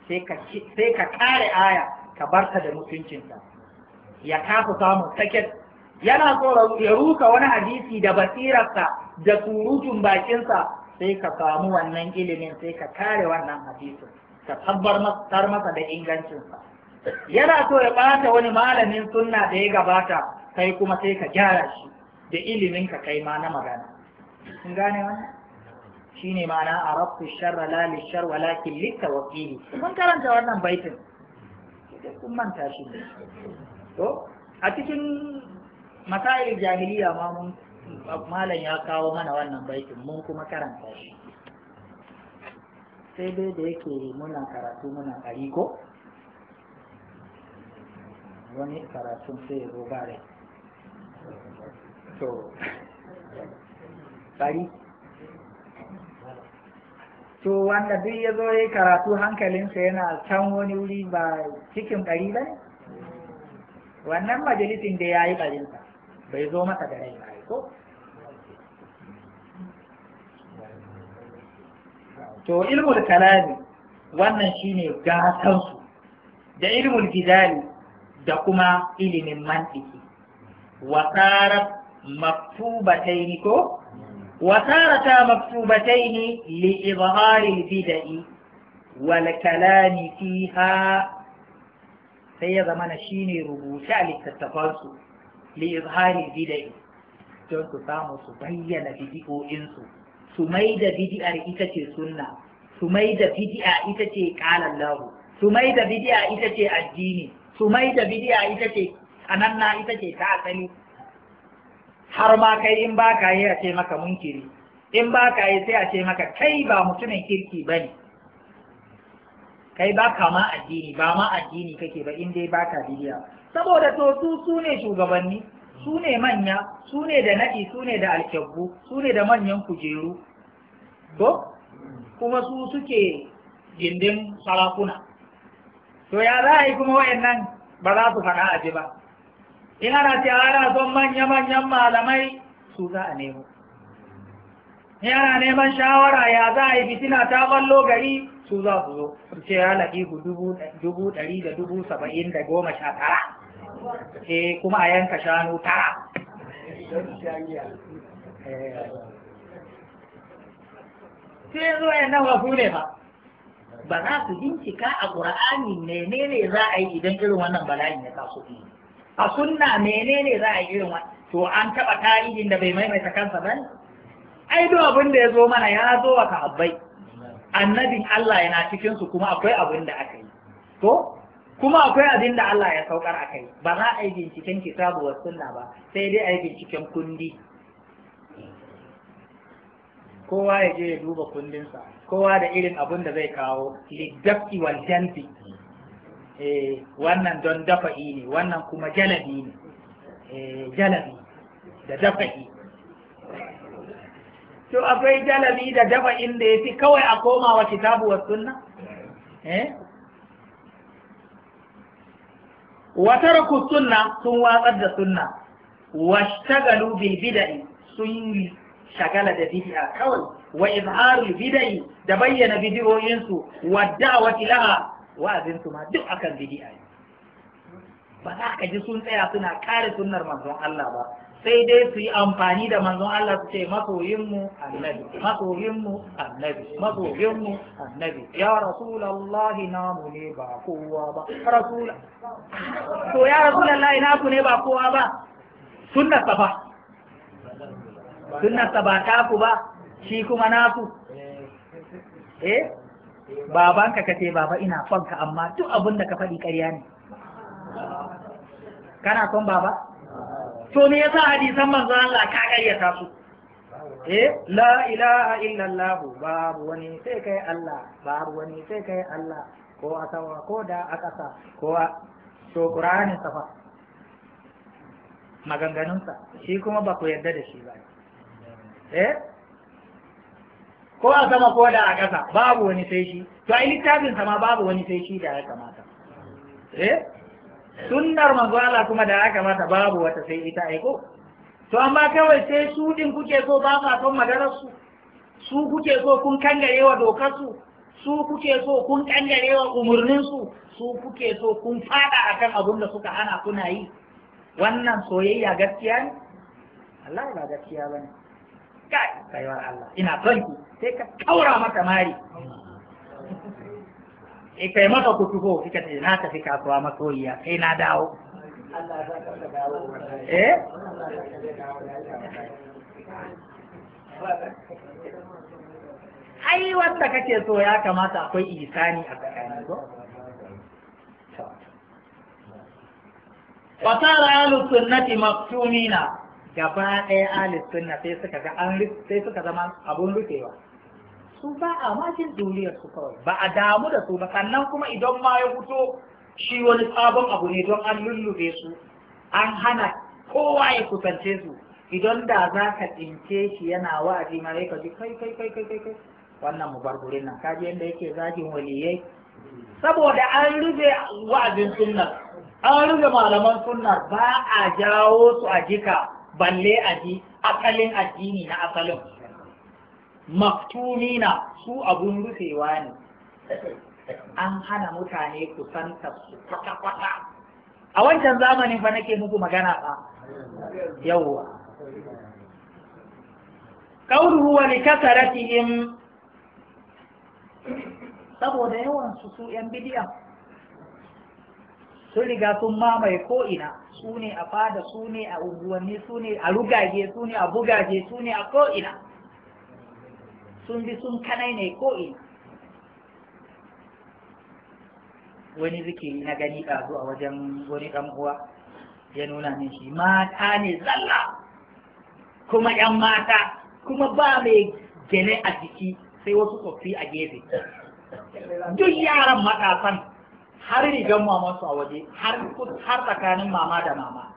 sai ka kare aya ka barta da mutuncinta, ya kafa samun saket yana so ya ruka wani hadisi da basirarsa da surutun bakinsa sai ka samu wannan ilimin sai ka kare wannan hadisin ka tabbatar masa da ingancinsa yana so ya bata wani malamin sunna da ya gabata sai kuma sai ka gyara shi da ilimin ka kai ma na magana kun gane wannan shine ma'ana arabtu sharra la li shar walakin li tawakkili mun karanta wannan baitin kun manta shi to a cikin masail jahiliya ma mun malam ya kawo mana wannan baitin mun kuma karanta shi sai dai da yake muna karatu muna ƙari ko wani karatu sai ya zo bare to ƙari to wanda duk ya zo ya karatu hankalinsa yana can wani wuri ba cikin ɗari ba ne wannan majalisin da ya yi ɓarin bai zo masa da rai ba ko to ilmul kalami wannan shine gatansu da ilmul jidali da kuma ilimin mantiki wa tsarar maktubataini ko wa tsarata maktubataini li izharil bid'i wal kalami fiha sai ya zama na shine rubuce a littattafansu li izhari bidai don su samu su bayyana bidi'o'insu su mai da bidi'ar ita ce sunna su mai da bidi'a ita ce kalan su mai da bidi'a ita ce addini su mai da bidi'a ita ce ananna ita ce ta asali har ma kai in ba ka yi a ce maka munkiri in ba ka yi sai a ce maka kai ba mutumin kirki ba ne kai ba ka ma addini ba ma addini kake ba in dai ba ka bidiya saboda to su su ne shugabanni su ne manya su ne da naɗi su ne da alkyabbu su ne da manyan kujeru to kuma su suke gindin sarakuna to ya za a yi kuma wayannan ba za su faɗa a ji ba in ana ce ana son manya-manyan malamai su za a nemo in ana neman shawara ya za a yi fitina ta ballo gari su za su zo su ce ya laɗi dubu ɗari da dubu saba'in da goma sha tara E, kuma a yanka shanu tara eh. sai zo ya nan wafu ne ba ba za su bincika a ƙur'ani menene za a yi idan irin wannan bala'in ya taso a sunna menene za a yi irin wannan to an taɓa tarihin da bai maimaita kansa ba ai duk abin da ya zo mana ya zo wa sahabbai annabin Allah yana cikin su kuma akwai abin da aka yi to kuma akwai abin da Allah ya saukar a kai ba za a yi binciken kitabu wa sunna ba sai dai a yi binciken kundi kowa ya je ya duba kundinsa kowa da irin abin da zai kawo liddafi wal janti. Eh, wannan don dafa'i ne wannan kuma jalabi ne eh, jalabi da dafa'i to akwai jalabi da dafa'in da fi kawai a komawa kitabu wa sunna eh? wa taraku sunna sun watsar da sunna wa shtagalu bil bid'i sun shagala da bid'a kawai wa izharul bid'i da bayyana bid'o'in su wa da'wati laha wa'azin ma duk akan bid'a ba za ka sun tsaya suna kare sunnar manzon Allah ba sai dai su yi amfani da manzon Allah su ce masoyinmu annabi masoyinmu annabi masoyinmu annabi ya rasulullah namu ne ba kowa ba rasul to ya rasulullah naku ne ba kowa ba sunnar sa ba sunnar ba ta ku ba shi kuma naku eh babanka kace baba ina fanka amma duk abin da ka faɗi ƙarya ne kana son baba to me yasa hadisan manzon Allah ka gayyata su eh la ilaha illallah babu wani sai kai Allah babu wani sai kai Allah ko a sama ko da a ƙasa ko a to Qur'anin safa maganganunsa shi kuma ba ku yarda da shi ba eh ko a sama ko da a ƙasa babu wani sai shi to a littafin sama babu wani sai shi da ya kamata eh sunnar manzo Allah kuma da aka mata babu wata sai ita aiko to amma kawai sai su din kuke so ba sa son madarar su su kuke so kun kangare wa dokar su su kuke so kun kangare wa umurnin su su kuke so kun fada akan abun da suka hana kuna yi wannan soyayya gaskiya ne Allah ba gaskiya bane kai kaiwar Allah ina son ki sai ka kaura mata mari in kai maka kutubo kika ce na tafi kasuwa masoyiya kai na dawo eh ai wanda kake so ya kamata akwai isani a tsakanin ko fasara ahlus sunnati maktumina gaba ɗaya ahlus sunna sai suka ga an sai suka zama abun rufewa su ba a makin duniyar su kawai ba a damu da su ba sannan kuma idan ma ya fito shi wani sabon abu ne don an lullube su an hana kowa ya kusance su idan da za ka tsince shi yana wa'azi ma ka ji kai kai kai kai kai wannan gurin nan kaji yadda yake zagin waliyai saboda an rufe wa'azin sunnar an rufe malaman sunnar ba a jawo su a jika balle a ji asalin addini na asalin maktumina su abun rufewa ne an hana mutane kusanta su kwata-kwata a wancan zamanin fa nake muku magana ba yawwa qawluhu wa likatharatihim saboda yawan su su yan bidiya sun riga sun mamaye ko'ina, ina su ne a fada su ne a unguwanni su ne a rugage su ne a bugaje su ne a ko sun bi sun kanai ne ko in wani zikiri na gani ɗazu a wajen wani ɗan uwa ya nuna min shi mata ne zalla kuma ‘yan mata kuma ba mai gane a jiki sai wasu tsofi a gefe duk yaran matasan har rigan su a waje har tsakanin mama da mama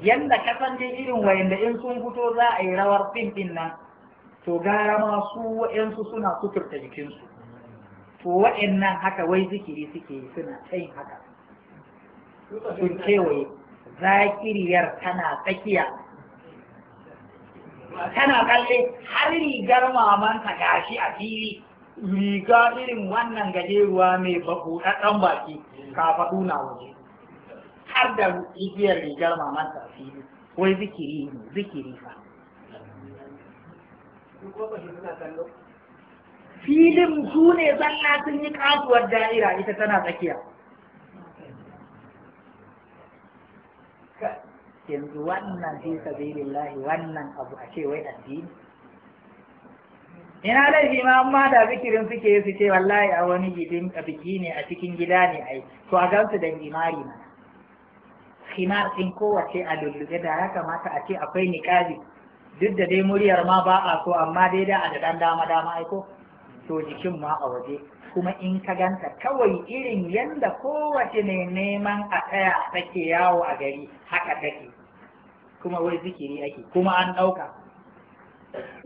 yanda ka dai irin wayanda in sun fito za a yi rawar fim din nan to gara ma su wa'yansu suna suturta jikinsu to wa'yannan haka wai zikiri suke yi suna tsayin haka sun kewaye zakiriyar tana tsakiya tana kalle har rigar mamanta gashi a fili riga irin wannan gajeruwa mai bakuɗaɗɗen baki kafaɗu na waje har da igiyar rigar mamanta a fili wai zikiri ne zikiri fa filin su ne zanna sun yi kasuwar da'ira ita tana tsakiya yanzu wannan fi sabilillahi wannan abu a ce wai addini ina laifi ma amma da zikirin suke su ce wallahi a wani gidin a biki ne a cikin gida ne ai to a gansu da imari mana himar din kowace a lullube da ya kamata a ce akwai niƙabi duk da dai muryar ma ba a so amma dai da a da ɗan dama dama aiko to jikin ma a waje kuma in ka ganta kawai irin yanda kowace mai neman a tsaya take yawo a gari haka take kuma wai zikiri ake kuma an ɗauka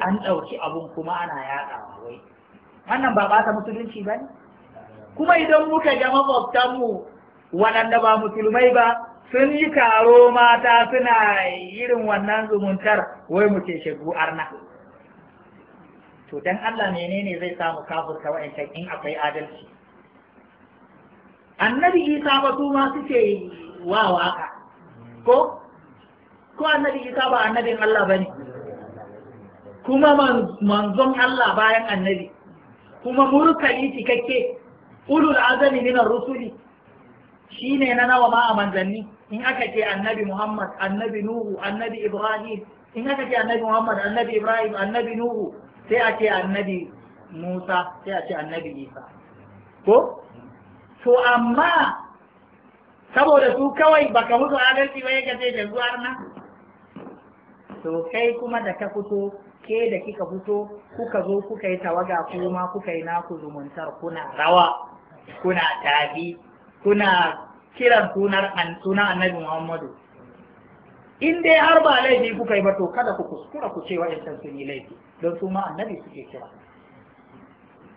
an ɗauki abun kuma ana yaɗawa wai wannan ba ɓata musulunci ba ne kuma idan muka ga maƙwabtanmu waɗanda ba musulmai ba sun yi karo mata suna irin wannan zumuntar wai mu ce shegu na? to dan Allah menene zai samu kafirta wa'ancan in akwai adalci annabi isa ba su ma suke wa waka ko ko annabi isa ba annabin Allah bane kuma manzon Allah bayan annabi kuma murkali cikakke ulul azami minar rusuli shine na nawa ma a manzanni in aka ce annabi Muhammad annabi Nuhu annabi Ibrahim in aka ce annabi Muhammad annabi Ibrahim annabi Nuhu sai a annabi Musa sai a annabi Isa ko to amma saboda su kawai baka mutu adalci ba yake sai da zuwar nan to kai kuma da ka fito ke da kika fito kuka zo kuka yi tawaga kuma kuka yi naku zumuntar kuna rawa kuna tabi kuna kiran sunan annabi Muhammadu in dai har ba laifi kuka yi ba to kada ku kuskura ku ce wa'ancan sun yi laifi don su ma annabi suke kira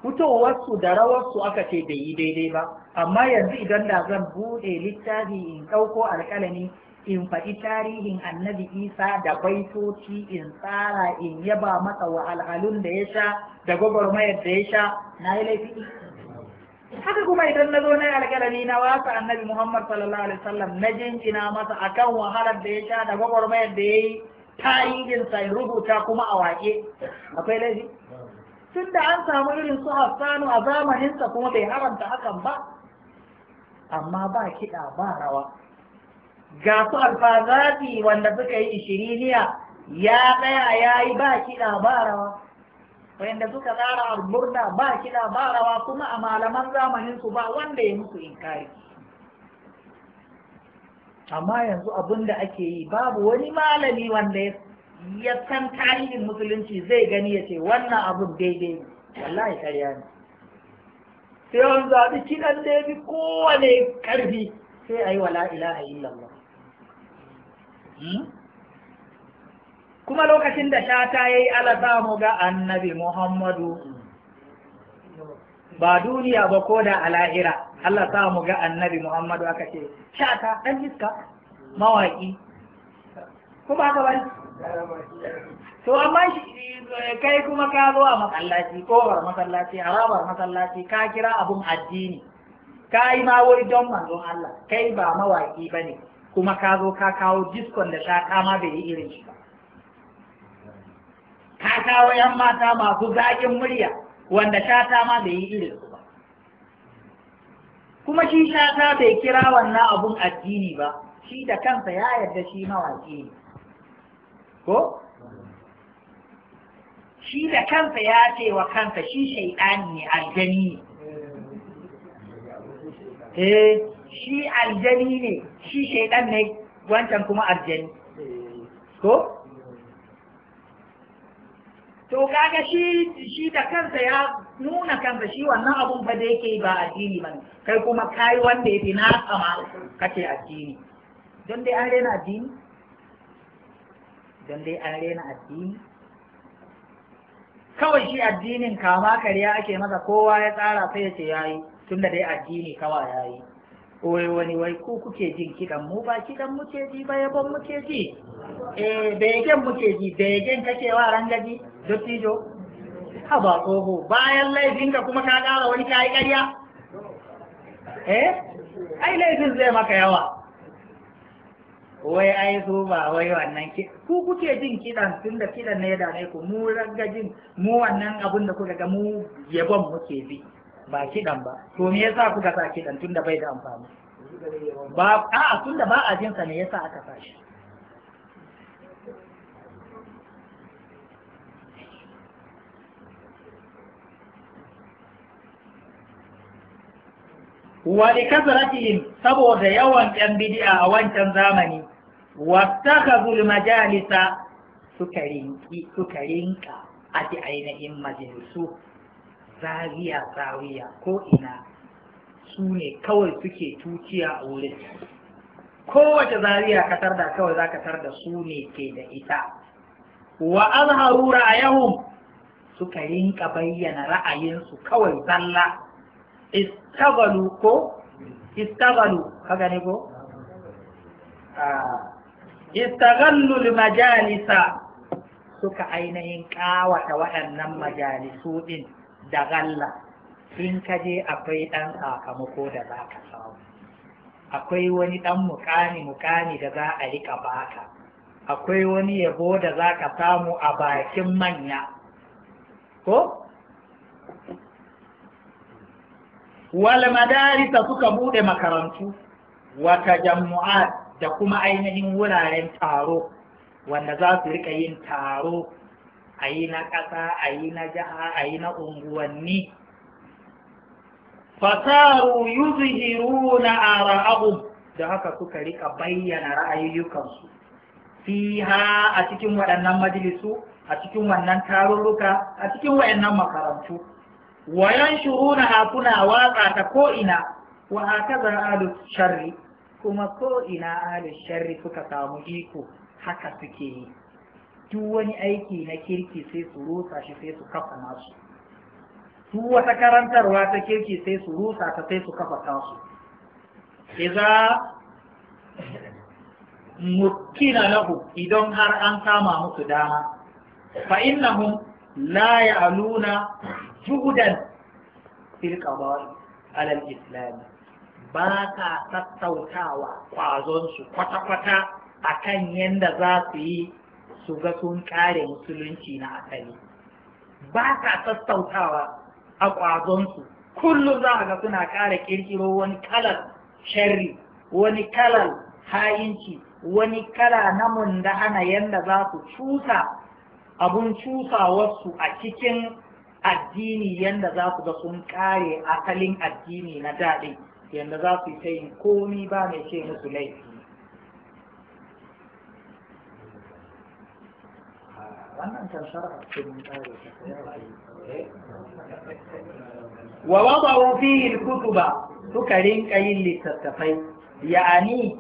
fitowarsu da rawarsu aka ce bai yi daidai ba amma yanzu idan da zan buɗe littafi in ɗauko alƙalami in faɗi tarihin annabi isa da baitoci in tsara in yaba masa wahalhalun da ya sha da gwagwarmayar da ya sha na yi laifi haka kuma idan na zo na yi alƙalami na wasa annabi muhammad sallallahu alaihi wasallam na jinjina masa akan wahalar da ya sha da gwagwarmayar da ya yi tarihinsa ya rubuta kuma a waƙe akwai laifi tun da an samu irin su hassanu a zamaninsa kuma bai haramta hakan ba amma ba kiɗa ba rawa ga su alfazati wanda suka yi ishiriniya ya tsaya ya yi ba kiɗa ba rawa wayanda suka tsara murna ba kiɗa ba rawa kuma a malaman zamanin su ba wanda ya musu inkari amma yanzu abin da ake yi babu wani malami wanda ya san tarihin musulunci zai gani ya ce wannan abin daidai ne wallahi karya ne sai wani zaɓi kiɗan da ya fi kowane ƙarfi sai a yi wala ilaha illallah hmm? kuma lokacin da shata ya yi ala za mu ga annabi muhammadu ba duniya ba ko da ala'ira Allah sa mu ga annabi muhammadu aka ce shata ɗan iska mawaƙi ko ba ka bari to amma kai kuma ka zo a masallaci kowar masallaci rabar masallaci ka kira abun addini ka yi ma wuri don manzon Allah kai ba mawaƙi ba ne kuma ka zo ka kawo diskon da shata ma bai yi irin shi ba ka kawo yan mata masu zaƙin murya wanda shata ma bai yi irin su ba kuma shi shata bai kira wannan abun addini ba shi da kansa ya yarda shi mawaƙi ne ko shi da kansa ya ce wa kansa shi shaiɗani ne aljani ne eh shi aljani ne shi shaiɗan ne wancan kuma aljani ko to kaga shi shi da kansa ya nuna kansa shi wannan abun ba da yake ba addini ba kai kuma kai wanda yafi na kama kace addini don dai an rena addini don dai an rena addini kawai shi addinin kama kariya ake masa kowa ya tsara sai ya ce yayi tunda dai addini kawai yayi wai wani wai ku kuke jin kidan mu ba kidan muke ji ba yabon muke ji eh begen muke ji begen kake wa rangaji dattijo ha ba tsoho bayan laifinka kuma ka ƙara wani kayi ƙarya eh ai laifin zai maka yawa wai ai su ba wai wannan ki ku kuke jin kidan tun da kidan ne da ne ku mu ragga jin mu wannan abun da kuka ga mu yabon muke bi ba kidan ba to me yasa kuka sa kidan tun da bai da amfani ba a tun da ba a jinsa ne yasa aka sa shi wa likasratihim saboda yawan yan bidi'a a wancan zamani wattakhadhul majalisa suka rinki suka rinka a ainihin majalisu zariya zariya ko ina su ne kawai suke tuciya a wurin kowace zariya ka da kawai za ka tarda su ne ke da ita wa azharu ra'ayahum suka rinka bayyana ra'ayinsu kawai zalla istagalu ko istagalu haka ne ko ah. istagallul majalisa suka ainihin ƙawata waɗannan majalisu ɗin da galla in ka je akwai ɗan sakamako da za ka samu akwai wani ɗan mukami mukami da za a riƙa baka akwai wani yabo da za ka samu a bakin manya ko wal madarisa suka bude makarantu wa tajammu'at da kuma ainihin wuraren taro wanda za su rika yin taro a yi na ƙasa a yi na jiha a yi na unguwanni fasaru yuzhiru na ara'ahum da haka suka rika bayyana ra'ayoyukansu fiha a cikin waɗannan majalisu a cikin wannan tarurruka a cikin waɗannan makarantu wayan shuruna ha kuna watsa ta ko ina wa hakaza alu sharri kuma ko ina alu sharri suka samu iko haka suke yi duk wani aiki na kirki sai su rusa shi sai su kafa nasu duk wata karantarwa ta kirki sai su rusa ta sai su kafa tasu iza mukina lahu idan har an kama musu dama fa innahum la ya'luna Judan, fil qada'i alal islam ba sa sassautawa kwazonsu kwata-kwata kan yadda za su yi su ga sun kare musulunci na asali ba sa sassautawa a kwazonsu kullum za a ga suna kara kirkiro wani kalar sharri wani kalar hayinci wani kala na mundahana, hana yadda za su cusa abun cusa wasu a cikin addini yanda za ku ga sun kare asalin addini na daɗi yanda za su ta yin komi ba mai ce musu laifi wannan eh? wa wada'u fihi al-kutuba suka rinka yin littattafai ya'ani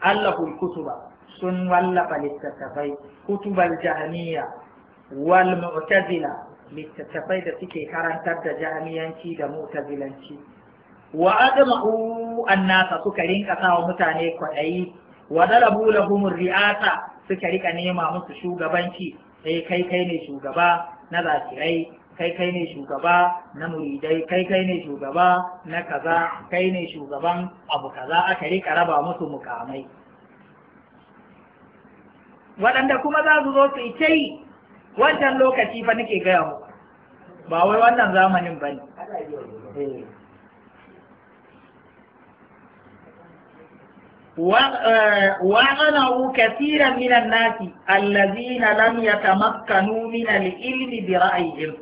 allahul kutuba sun wallafa littattafai kutubar jahmiya wal mu'tazila littattafai da suke karantar da jami'anci da mutazilanci wa an annasa suka rinka sawa mutane kwaɗayi wa dalabu lahum ri'asa suka rika nema musu shugabanci sai eh, kai kai ne shugaba na zakirai kai kai ne shugaba na muridai kai kai ne shugaba na kaza kai ne shugaban abu kaza aka rika raba musu mukamai waɗanda kuma za su zo su yi wannan lokaci fa nake gaya mu ba wai wannan zamanin ba ne وغنوا كثيرا eh, allazina lam yatamakkanu min يتمكنوا من العلم برأيهم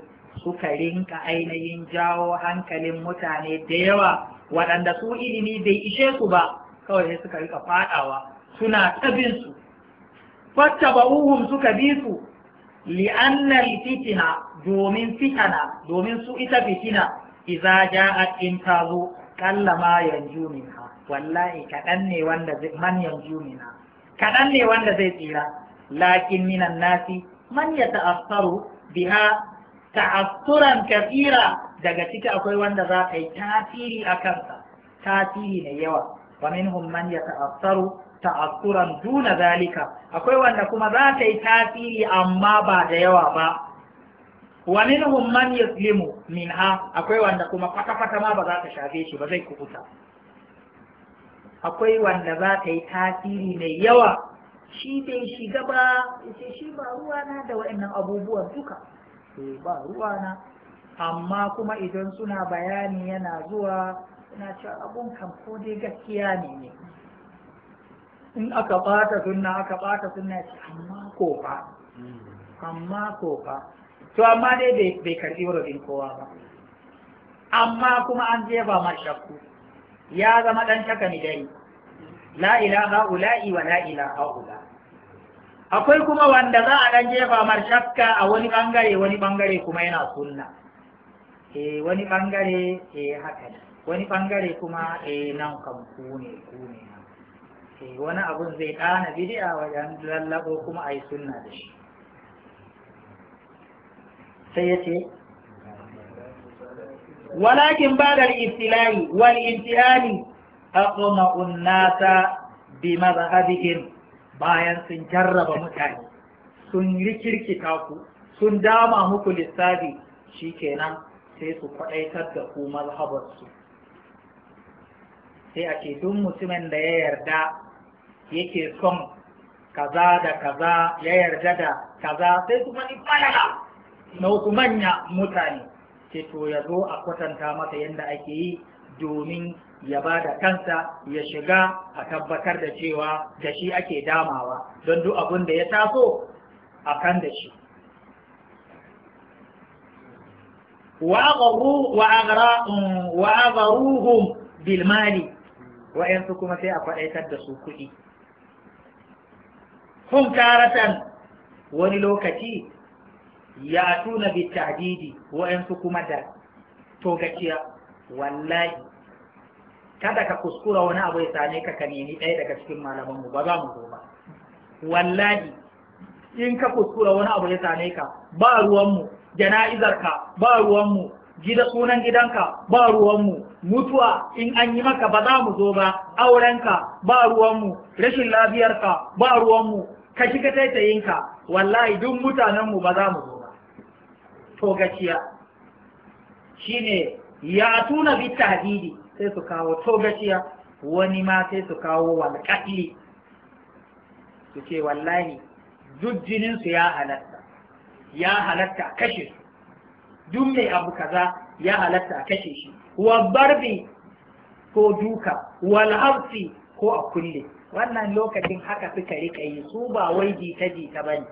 suka rinka ainihin jawo hankalin mutane da yawa waɗanda su ilimi bai ishe su ba kawai sai suka rika faɗawa suna tabin su fatta suka bi su li'annal fitina domin fitana domin su ita fitina iza ja'at in ta zo kalla ma yanju wallahi kaɗan ne wanda zai man yanju kaɗan ne wanda zai tsira lakin minan nasi man ya ta'assaru biha ta'assuran kathira daga ciki akwai wanda za ka yi tasiri a kansa tasiri mai yawa wa minhum man ya ta'assaru ta'assuran duna zalika akwai wanda kuma za ta yi tasiri amma ba da yawa ba wa minhum man yuslimu minha akwai wanda kuma kwata-kwata ma ba za ta shafe shi ba zai kubuta akwai wanda za ta yi tasiri mai yawa shi bai shiga ba ce shi ba ruwana da waɗannan abubuwan duka eh, ba ruwana amma kuma idan suna bayani yana zuwa suna cewa abun kan ko dai gaskiya ne ne in aka ɓata sunna aka ɓata sunna ce amma ko fa amma ko fa to amma dai bai karɓi wurin kowa ba amma kuma an jefa mar shakku ya zama ɗan shaka ni dai la ilaha ula'i wa la ilaha ula akwai kuma wanda za a ɗan jefa mar shakka a wani ɓangare wani ɓangare kuma yana sunna eh wani ɓangare eh haka wani ɓangare kuma eh nan kan ku ne ku ne Eh, wani abun zai ƙana bidi'a wajen lallabo kuma a yi sunna da shi sai ya ce walakin badar ibtilai wal imtihani aqma unnasa bi madhhabihim bayan sun jarraba mutane sun rikirkita ku sun dama muku lissafi shikenan sai su kwadaitar da ku mazhabarsu sai a ce duk mutumin da ya yarda yake son kaza da kaza ya yarda da kaza sai kuma ni falala na wasu manya mutane ce to ya zo a kwatanta masa yadda ake yi domin ya ba da kansa ya shiga a tabbatar da cewa da shi ake damawa don duk abin da ya taso a kan da shi wa'agaruhum bilmali wa'yansu kuma sai a faɗaitar da su kuɗi tunkaratan wani lokaci ya tuna bi tahdidi wa'ansu kuma da togaciya wallahi kada ka kuskura wani abu ya same ka ka nemi ɗaya daga cikin malaman mu ba za mu zo ba wallahi in ka kuskura wani abu ya same ka ba ruwanmu jana'izarka ba ruwanmu gida sunan gidanka ba ruwanmu mutuwa in an yi maka ba za mu zo ba aurenka ba ruwanmu rashin lafiyarka ba ruwanmu ka shiga taitayinka wallahi duk mutanenmu ba za mu zo ba to gaciya shi ne ya tuna bi tahdidi sai su kawo to gaciya wani ma sai su kawo walƙa'ili su ce wallahi duk jininsu ya halatta ya halatta a kashe su duk mai abu kaza ya halatta a kashe shi wa barbi ko duka wal ko a kulle wannan lokacin haka suka riƙa yi su ba wai jita jita ba ne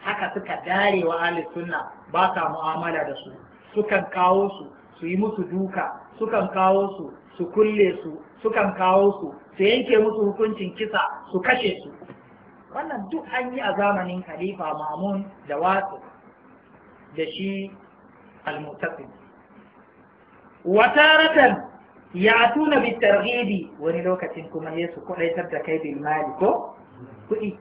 haka suka dare wa ahli sunna ba sa mu'amala da su sukan kawo su su yi musu duka sukan kawo su su kulle su sukan kawo su su yanke musu hukuncin kisa su kashe su wannan duk an yi a zamanin khalifa mamun da wasu da shi Al-Mutasimu. wa wataratan ya tuna bi targhibi wani lokacin kuma yesu kudaitar da kai bil mali ko kuɗi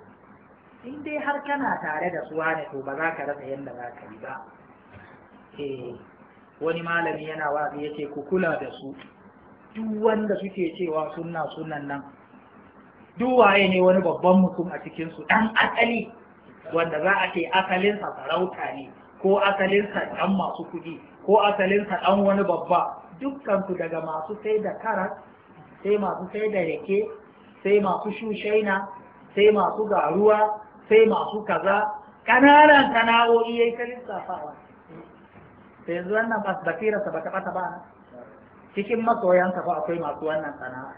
in dai har kana tare da su ne to ba za ka rasa yadda za ka yi ba eh, wani malami yana wazi yace ku kula da su duk wanda suke cewa suna sunan nan Duwaye ne wani babban mutum a cikin su dan asali wanda za a ce asalinsa sarauta ne ko asalinsa dan masu kuɗi ko asalinsa dan wani babba dukkansu daga masu sai da karas sai masu sai da rake sai masu shushaina sai masu garuwa sai masu kaza ƙananan sana'o'i ya yi ta lissafawa sai yanzu wannan basirarsa ba bata taɓa na cikin masoyanka ba akwai masu wannan sana'a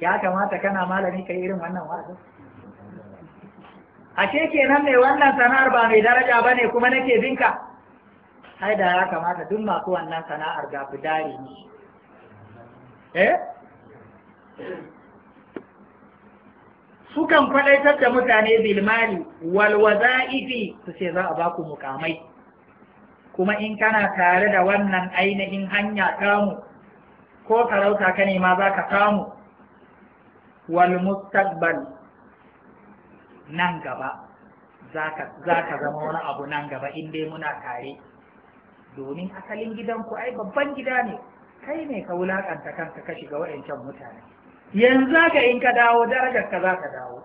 ya kamata kana malami ka irin wannan wa'azin ke kenan mai wannan sana'ar ba mai daraja ba ne kuma nake binka ai da ya kamata duk masu wannan sana'ar ga fidari ne eh sukan faɗaitar da mutane bilmali walwaza'ifi su ce za a baku mukamai kuma in kana tare da wannan ainihin hanya kamu ko sarauta ka nema za ka kamu wal mustaqbal nan gaba za ka zama wani abu nan gaba in dai muna tare domin asalin gidanku ai babban gida ne kai ne ka wulaƙanta kanka ka shiga wa'ancan mutane yanzu ka in ka dawo darajar ka za ka dawo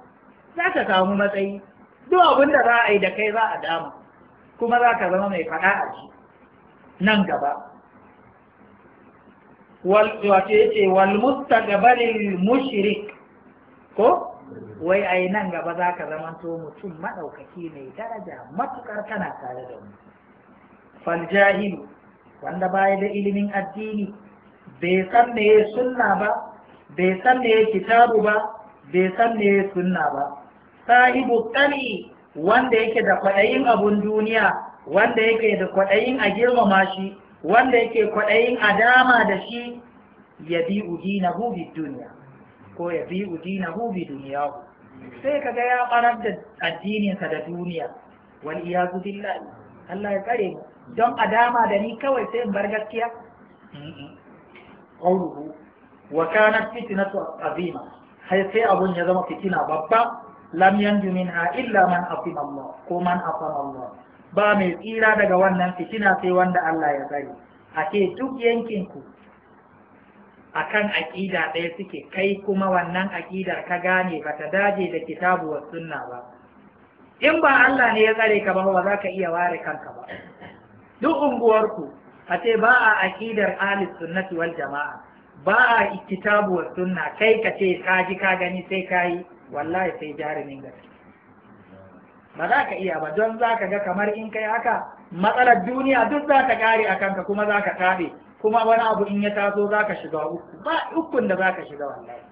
za ka samu matsayi duk abin da za a yi da kai za a dama kuma za ka zama mai faɗa a ji nan gaba wato ya ce wal mustaqbalil mushrik ko wai ai nan gaba za ka zama to mutum maɗaukaki mai daraja matukar kana tare da mu faljahilu wanda baya da ilimin addini bai san me sunna ba bai san me kitabu ba bai san me sunna ba sahibu tsani wanda yake da kwaɗayin abun duniya wanda yake da kwaɗayin a girmama shi wanda yake kwaɗayin a dama da shi ya bi na hubi duniya ko ya bi na hubi duniya sai kaga ya ɓarar da addininsa da duniya wal iyazu billahi Allah ya tsare mu don a dama da ni kawai sai in bar gaskiya qawluhu wa fitina fitnatu azima hay sai abun ya zama fitina babba lam yanju minha illa man afima Allah ko man afama Allah ba mai tsira daga wannan fitina sai wanda Allah ya tsare ke duk yankin ku akan aƙida ɗaya suke kai kuma wannan aƙidar ka gane ba ta daje da kitabu wa sunna ba in ba Allah ne ya tsare ka ba ba za ka iya ware kanka ba duk unguwarku a ce ba a aƙidar ahli sunnati wal jama'a ba a kitabu wa sunna kai ka ce ka ji ka gani sai ka yi wallahi sai jarumin gaske ba za ka iya ba don za ka ga kamar in kai haka matsalar duniya duk za ta kare a kanka kuma za ka tabe kuma wani abu in ya taso za ka shiga uku ba ukun da za ka shiga wallahi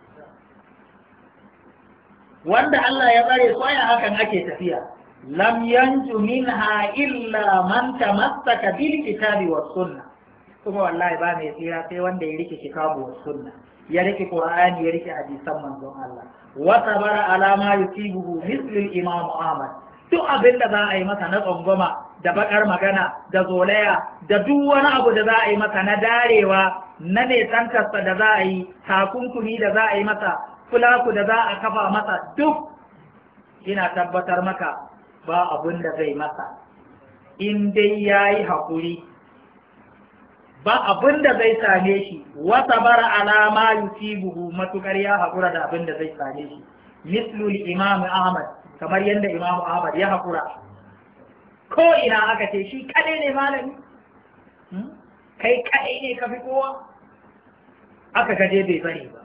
wanda Allah ya tsare su hakan ake tafiya lam yanju minha illa man tamassaka bil kitabi sunna kuma wallahi ba mai tsira sai wanda ya rike kitabu was sunna ya rike qur'ani ya rike hadisan manzon Allah wa sabara ala ma yusibuhu mislu imam Ahmad duk abin da za a yi masa na tsangwama da bakar magana da zolaya da duk wani abu da za a yi masa na darewa na nesantarsa da za a yi takunkumi da za a yi masa fulaku da za a kafa masa duk ina tabbatar maka ba abin da zai masa in dai ya yi haƙuri ba abin da zai same shi wata bara alama yusibuhu matukar ya haƙura da abin da zai same shi mislul imam ahmad kamar yadda imam ahmad ya haƙura ko ina aka ce shi kaɗai ne malami hmm? kai kaɗai ne ka fi kowa aka gaje bai bari ba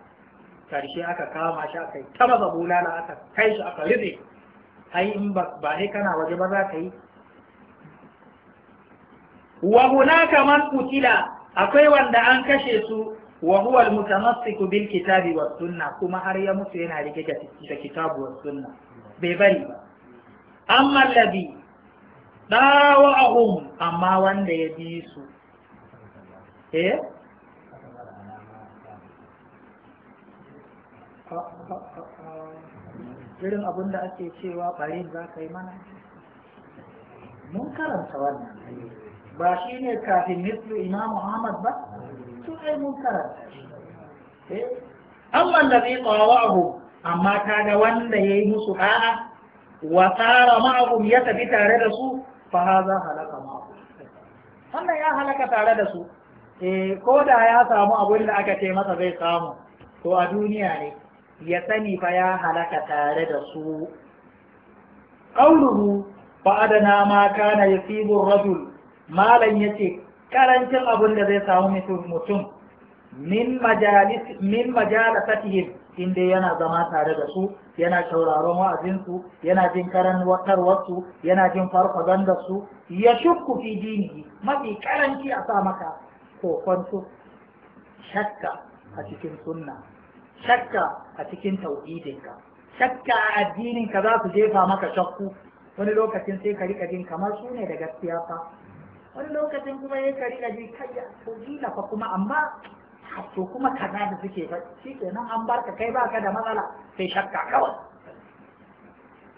karshe aka kama shi aka yi ta maza bulala aka kai shi aka rufe ai in ba sai kana waje ba za ka yi wa hunaka man kutila akwai wanda an kashe su wa huwa almutamassiku bil kitabi was sunna kuma har ya mutu yana rike da kitabu was sunna bai bari ba amma alladhi dawahum amma wanda ya bi su eh irin abin da ake cewa ɓarin za ka yi mana mun karanta wannan ba shi ne kafin mislu imam Muhammad ba Su ai mun karanta shi eh? amma allazi abu. amma ta ga wanda ya yi musu a'a wa tsara ma'ahum ya tafi tare da su fa za halaka ma'ahum wannan ya halaka tare da su eh, ko da ya samu abin da aka ce masa zai samu to a duniya ne ya sani fa ya halaka tare da su ƙauluhu fa adana ma kana yasibu rajul malam yace karancin abin da zai samu mutum min majalis min inda yana zama tare da su yana sauraron wa'azinsu yana jin karan watarwarsu yana jin farfazan da su ya shukku fi dinihi mafi karanci a sa maka kokonto shakka a cikin sunna shakka a cikin tauhidinka shakka a addininka za su jefa maka shakku wani lokacin sai ka rika jin kamar su ne da gaskiya fa wani lokacin kuma ya ka rika jin kayya tauhida fa kuma amma to kuma kaza da suke fa nan an barka kai baka da matsala sai shakka kawai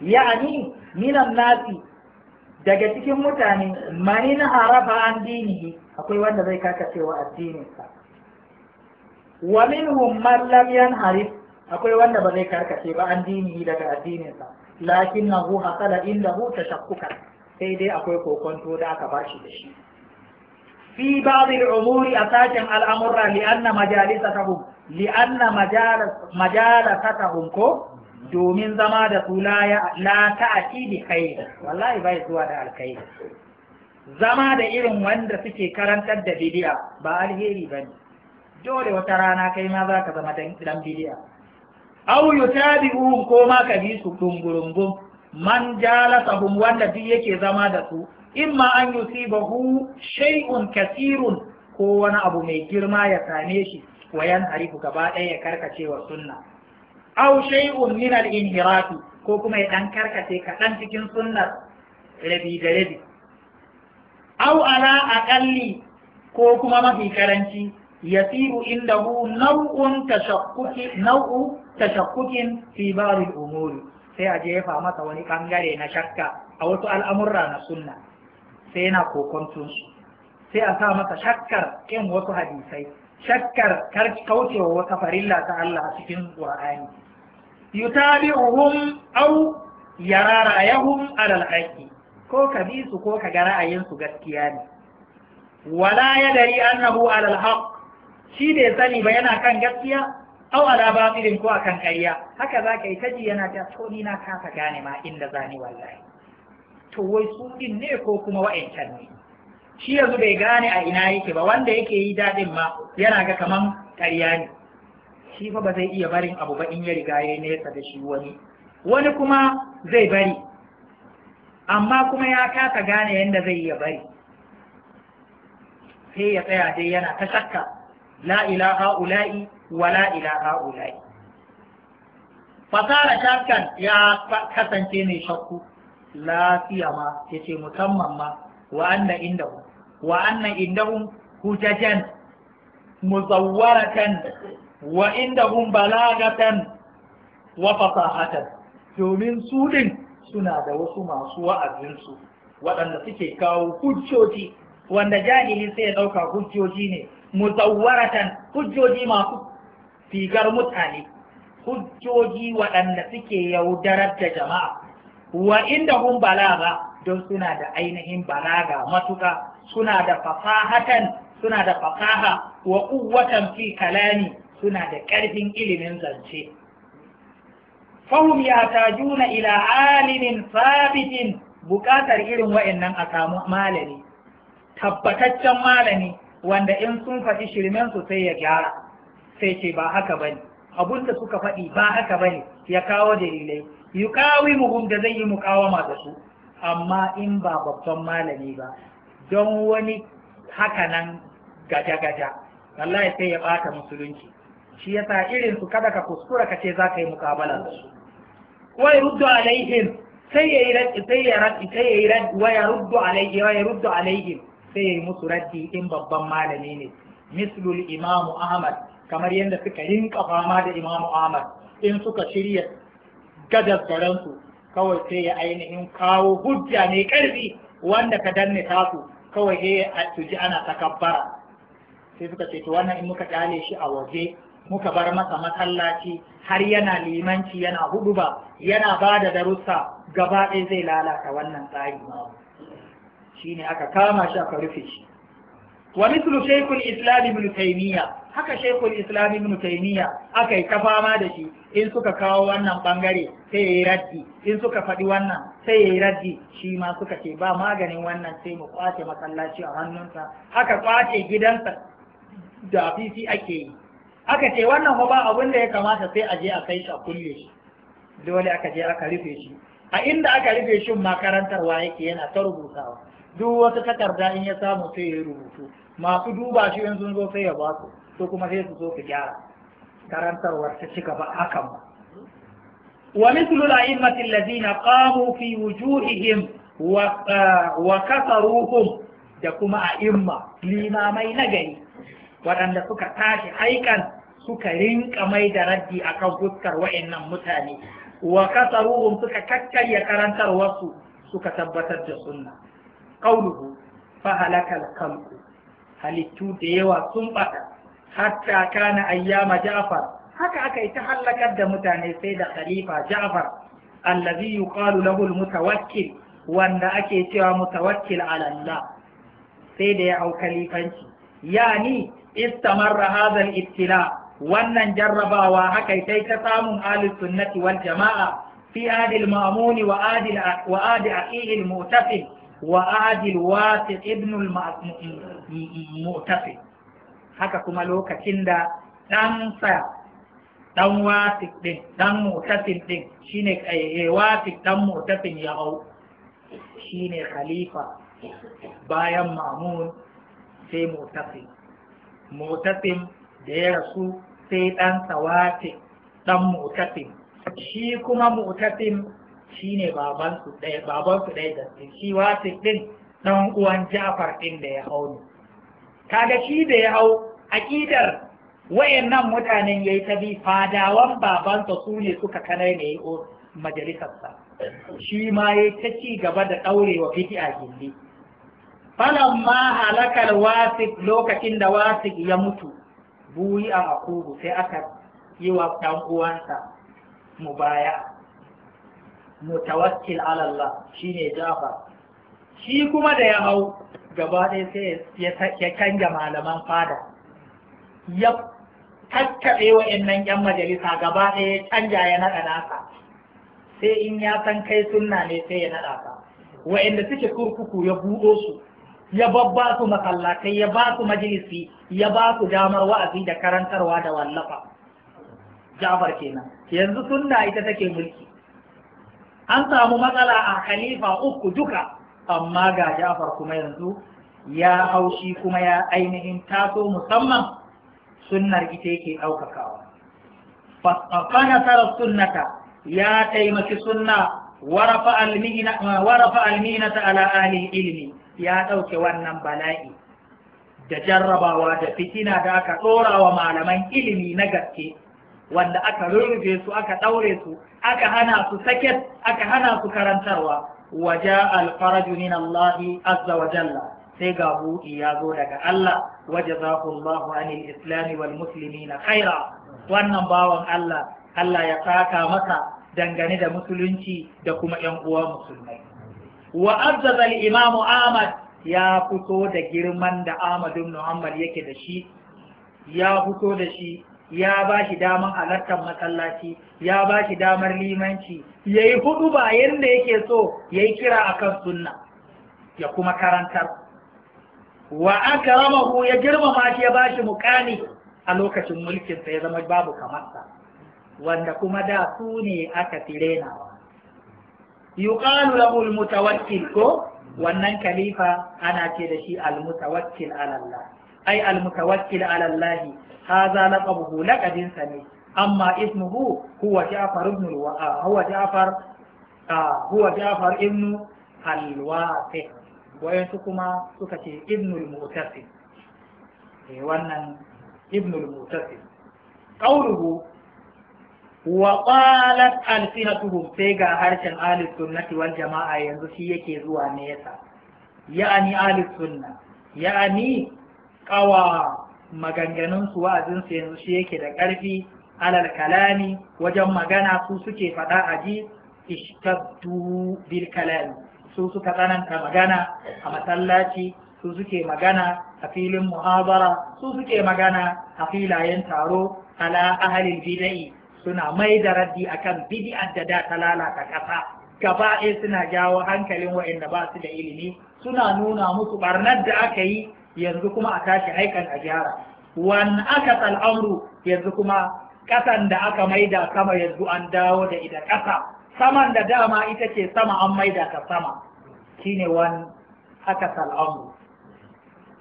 ya'ani minan nasi daga cikin mutane manin harafa an dinihi akwai wanda zai kakacewa addininsa wamin minhum man lam harif akwai wanda ba zai karkace ba an dini daga addininsa lakin na hu hasala ta tashakkuka sai dai akwai kokonto da aka bashi da shi fi ba al-umuri a al-amra li anna majalisatahum li anna ko domin zama da su la ta'ati wallahi bai zuwa da alkhairi zama da irin wanda suke karantar da bidiya ba alheri bane dole wata rana kai ma za ka zama dan bidiya aw yutabi'uhum ko ma ka bi su dungurungun man jalasahum wanda duk yake zama da su imma an yusibahu shay'un kasirun ko wani abu mai girma ya same shi wayan haihu gaba ɗaya ya karkace wa sunna aw shay'un min al ko kuma ya dan karkace kaɗan cikin sunnar rabi da rabi aw ala aqalli ko kuma mafi karanci yasiru indahu nau'un tashakkuki nau'u tashakkukin fi baril sai a jefa masa wani bangare na shakka a wasu al'amurra na sunna sai yana kokontun sai a sa masa shakkar kin wasu hadisai shakkar kaucewa wata farilla ta Allah a cikin Qur'ani yutabi'uhum aw yara ra'ayahum alal haqqi ko ka bi su ko ka ga ra'ayin su gaskiya ne wala yadri annahu alal haqq shi ya sani ba yana kan gaskiya au ala batilin ko akan ƙarya haka za ka yi ji yana ta so ni na kafa gane ma inda zani wallahi to wai su din ne ko kuma wa'ancan ne shi yanzu bai gane a ina yake ba wanda yake yi daɗin ma yana ga kaman ƙarya ne shi fa ba zai iya barin abu ba in ya riga ya nesa da shi wani wani kuma zai bari amma kuma ya kasa gane yadda zai iya bari sai ya tsaya dai yana ta shakka la ila ha'ula'i wa la ila fasara shakkan ya kasance mai shakku lafiya ma ya ce musamman ma wa anna indahu wa anna indahum hujajan muzawwaratan wa indahum balagatan wa fasahatan domin su din suna da wasu masu wa'azinsu waɗanda suke kawo hujjoji wanda jahili sai ya ɗauka hujjoji ne muzawwaratan hujjoji masu figar mutane hujjoji waɗanda suke yaudarar da jama'a wa inda hun balaga don suna da ainihin balaga matuƙa suna da fasahatan suna da fasaha wa ƙuwatan fi kalani suna da ƙarfin ilimin zance fahum ya tajuna ila alimin sabitin buƙatar irin wa'annan a samu malami tabbataccen malami wanda in sun faɗi shirmen su sai ya gyara sai ce ba haka bane abun da suka faɗi ba haka bane ya kawo dalilai yuqawi muhum da zai yi muqawama da su amma in ba babban malami ba don wani haka nan gaja-gaja wallahi sai ya bata musulunci shi yasa irin su kada ka kuskura ka ce za ka yi mukabala da su wai ruddu alaihim sai ya yi sai ya sai ya yi wa ya ruddu alaihim wa ya ruddu alaihim sai ya yi musu raddi in babban malami ne mislul imamu ahmad kamar yadda suka rinka fama da imamu ahmad in suka shirya gadasgaransu kawai sai ya ainihin kawo hujja mai karfi wanda ka danne tasu kawai sai a tuji ana takabbara sai suka ce to wannan in muka kyale shi a waje muka bar masa masallaci har yana limanci yana huduba yana ba da darussa gaba ɗaya zai lalata wannan tsari shine aka kama shi aka rufe shi wa mithlu shaykhul islam ibn taymiya haka shaykhul islam ibn taymiya aka yi kafama da shi in suka kawo wannan bangare sai yayi raddi in suka faɗi wannan sai yayi raddi shi ma suka ce ba maganin wannan sai mu kwace masallaci a hannunsa haka kwace gidansa da afisi ake yi aka ce wannan ba abin da ya kamata sai a je a kai shi a kulle shi dole aka je aka rufe shi a inda aka rufe shi makarantarwa yake yana ta rubutawa duk wasu takarda in ya samu sai ya rubutu masu duba shi yanzu zo sai ya basu, kuma sai su zo su gyara karantarwar ta ci gaba hakan ba wa mithlu al-a'immati alladhina qamu fi wujuhihim wa ah, wa kasaruhum da kuma a'imma limamai nagari waɗanda suka tashi haikan suka rinka mai da raddi akan fuskar wa'annan mutane wa kasaruhum suka kakkarya karantarwarsu suka tabbatar da sunna qawluhu fa halakal khalqu halittu da yawa sun bada hatta kana ayyama ja'far haka aka yi ta halakar da mutane sai da khalifa ja'far allazi yuqalu lahu almutawakkil wanda ake cewa mutawakkil ala Allah sai da ya au khalifanci yani istamarra hadha al-ibtila wannan jarrabawa haka sai ta samun ahlus sunnati wal jama'a fi adil ma'muni wa adil wa adi aqihi al وعاد الواسع ابن المعتصم haka kuma lokacin da ɗansa ɗan wasik ɗin ɗan mutasin ɗin shi ne wasik khalifa bayan mamun sai mutasin mutasin da ya rasu sai ɗansa wasik ɗan mutasin shi kuma mutasin shi baban su ɗaya da su ɗaya da shi ɗin ɗan uwan Ja'far ɗin da ya hau ne kaga shi da ya hau aƙidar wayannan mutanen yayi ta bi fadawan babansa su ne suka kanai ne majalisarsa shi ma ya ta ci gaba da ɗaurewa bid'a gindi falan ma halakar wasik lokacin da wasik ya mutu buyi a akubu sai aka yi wa ɗan uwansa mubaya mutawakkil ala Allah shine Jafar shi kuma da ya hau gaba ɗaya sai ya canja malaman fada ya kakkaɓe wa'annan 'yan majalisa gaba ɗaya ya canja ya naɗa nasa sai in ya san kai sunna ne sai ya naɗa sa. Waɗanda suke kurkuku ya buɗo su ya babba su masallatai ya ba su majalisi ya ba su damar wa'azi da karantarwa da wallafa Jafar kenan yanzu sunna ita take mulki an samu matsala a khalifa uku duka amma ga Ja'far kuma yanzu ya haushi kuma ya ainihin taso musamman sunnar ita yake ɗaukakawa fa nasarar sunnata ya taimaki sunna warafa ta ala ahli ilmi ya ɗauke wannan bala'i da jarrabawa da fitina da aka ɗora wa malaman ilimi na gaske wanda aka rurrufe su aka ɗaure su aka hana su saket aka hana su karantarwa waje alfaraju min Allah azza wa jalla sai ga buɗi ya zo daga Allah waje za ku Allah anil islami wal musulmi na khaira wannan bawan Allah Allah ya saka masa dangane da musulunci da kuma ‘yan uwa musulmai. Wa azzaza imamu Ahmad ya fito da girman da Ahmad ibn Muhammad yake da shi ya fito da shi ya ba shi damar halartar masallaci ya ba shi damar limanci ya yi hudu ba yadda yake so ya yi kira a kan sunna ya kuma karantar wa aka ramahu ya girmama shi ya ba shi mukani a lokacin mulkinsa ya zama babu kamarsa wanda kuma da su ne aka fi renawa yuqalu lahu almutawakkil ko wannan kalifa ana ce da shi almutawakkil ala ai almutawakkil ala haza laqabuhu laqabin sa ne amma ismuhu huwa Ja'far ibn huwa Ja'far huwa Ja'far kuma suka ce ibn mutasim eh wannan ibn al-Mu'tasim qawluhu wa qalat alsinatuhum sai ga harshen ahli sunnati wal yanzu shi yake zuwa nesa ya'ani ahli sunna ya'ani qawa maganganun su wa'azin su yanzu shi yake da ƙarfi alal kalami wajen magana su suke faɗa a ji ishtaddu bil kalami su suka tsananta magana a masallaci su suke magana a filin muhabara su suke magana a filayen taro ala ahalil bid'i suna mai da raddi akan bid'ar da da ta lalata ƙasa gaba suna jawo hankalin waɗanda ba su da ilimi suna nuna musu ɓarnar da aka yi yanzu kuma a tashi haikan a gyara wani aka al'amru yanzu kuma ƙasan da aka maida sama yanzu an dawo da ita ƙasa saman da dama ita ce sama an maida ta sama shine wani aka al'amru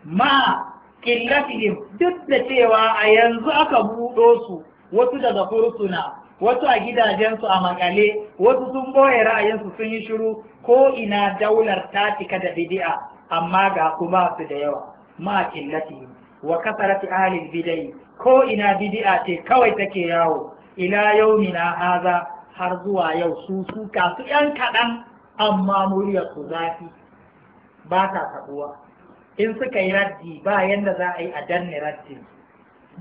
ma ƙillafihim duk da cewa a yanzu aka buɗo su wasu daga fursuna wasu a gidajensu a makale wasu sun boye ra'ayinsu sun yi shiru ko ina daular ta cika da bidi'a amma ga kuma su da yawa ma illati wa kasarati ahli bidai ko ina bid'a ce kawai take yawo ila yaumina haza har zuwa yau su suka su yan kaɗan amma muryar su zafi ba ta sabuwa. in suka yi raddi ba yanda za a yi a danne raddi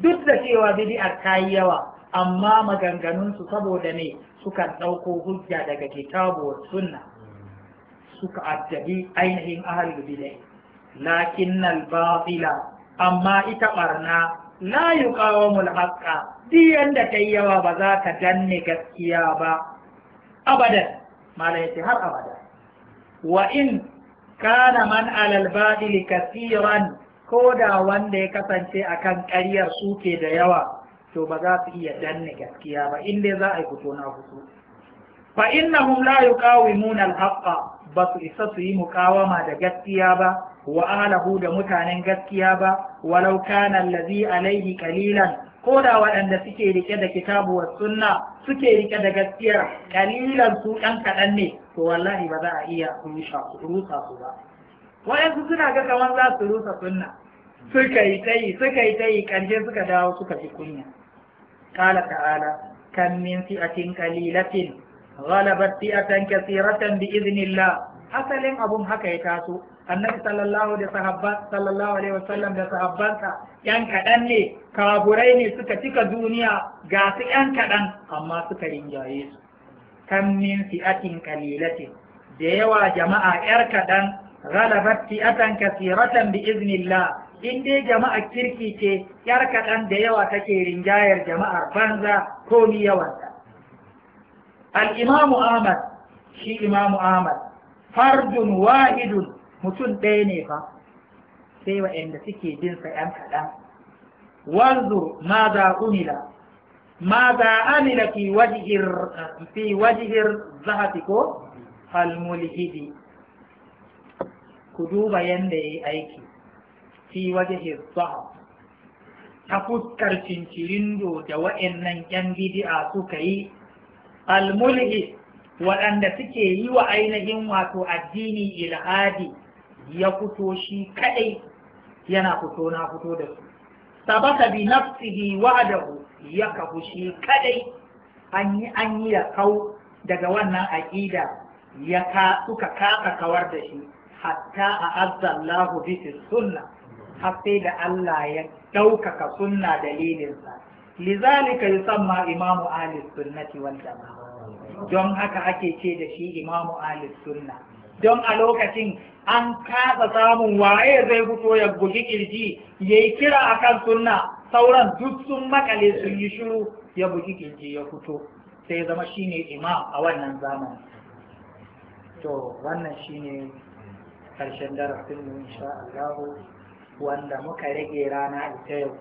duk da cewa bid'ar ta yi yawa amma maganganunsu saboda ne suka ɗauko hujja daga kitabuwar sunna suka addabi ainihin ahalul bidai lakin al-batila amma ita barna la yuqawamul haqqa diyan da kai yawa ba za ka danne gaskiya ba abadan malai ce har abada wa in kana man alal batil kaseeran da wanda ya kasance akan ƙaryar suke da yawa to ba za su iya danne gaskiya ba inda za a yi fito na fito fa innahum la yuqawimuna al-haqqa ba su isa su yi muqawama da gaskiya ba wa'alahu da mutanen gaskiya ba walau kana allazi alaihi kalilan ko da waɗanda suke rike da kitabu wa sunna suke rike da gaskiyar kalilan su ɗan kaɗan ne to wallahi ba za a iya rusa su ba waɗansu suna ga kamar za su rusa sunna suka yi tayi suka yi tayi ƙarshe suka dawo suka fi kunya qala ta'ala kan min fi'atin qalilatin ghalabat fi'atan kathiratan bi idnillah asalin abun haka ya taso annabi sallallahu da sahabba sallallahu alaihi wasallam da sahabbansa yan kaɗan ne kaburai ne suka cika duniya ga su yan kaɗan amma suka rinjaye su kan min fi'atin qalilati da yawa jama'a yar kaɗan ghalabat fi'atan kathiratan bi iznillah in dai jama'a kirki ce yar kaɗan da yawa take rinjayar jama'ar banza ko ni yawanta al-imamu Ahmad shi imamu Ahmad fardun wahidun mutum ɗaya ne fa sai waɗanda suke jin sa ‘yan kaɗan wanzu ma za umila ma za amila fi wajihir zahati ko falmulhidi ku duba yadda ya yi aiki fi wajihir zahati ta fuskar cincirindo da waɗannan ‘yan bidi'a suka yi Almulihi. waɗanda suke yi wa ainihin wato addini ilhadi ya fito shi kaɗai yana fito na fito da su sabata bi nafsihi wa'adahu ya kafu shi kaɗai an yi an ya kau daga wannan aƙida ya ka suka kasa kawar da shi hatta a azzallahu bi sunna suna, da Allah ya ɗaukaka sunna dalilinsa lizalika yusamma imamu ahli sunnati wal jama'a don haka ake ce da shi imamu Ali sunna don a lokacin an kasa samun waye zai fito ya bugi kirji yayi kira a kan sunna sauran duk sun makale sun yi shuru ya bugi kirji ya fito sai zama shine imam a wannan zamani to wannan shine ƙarshen darasin mu insha Allah wanda muka rage rana ita yau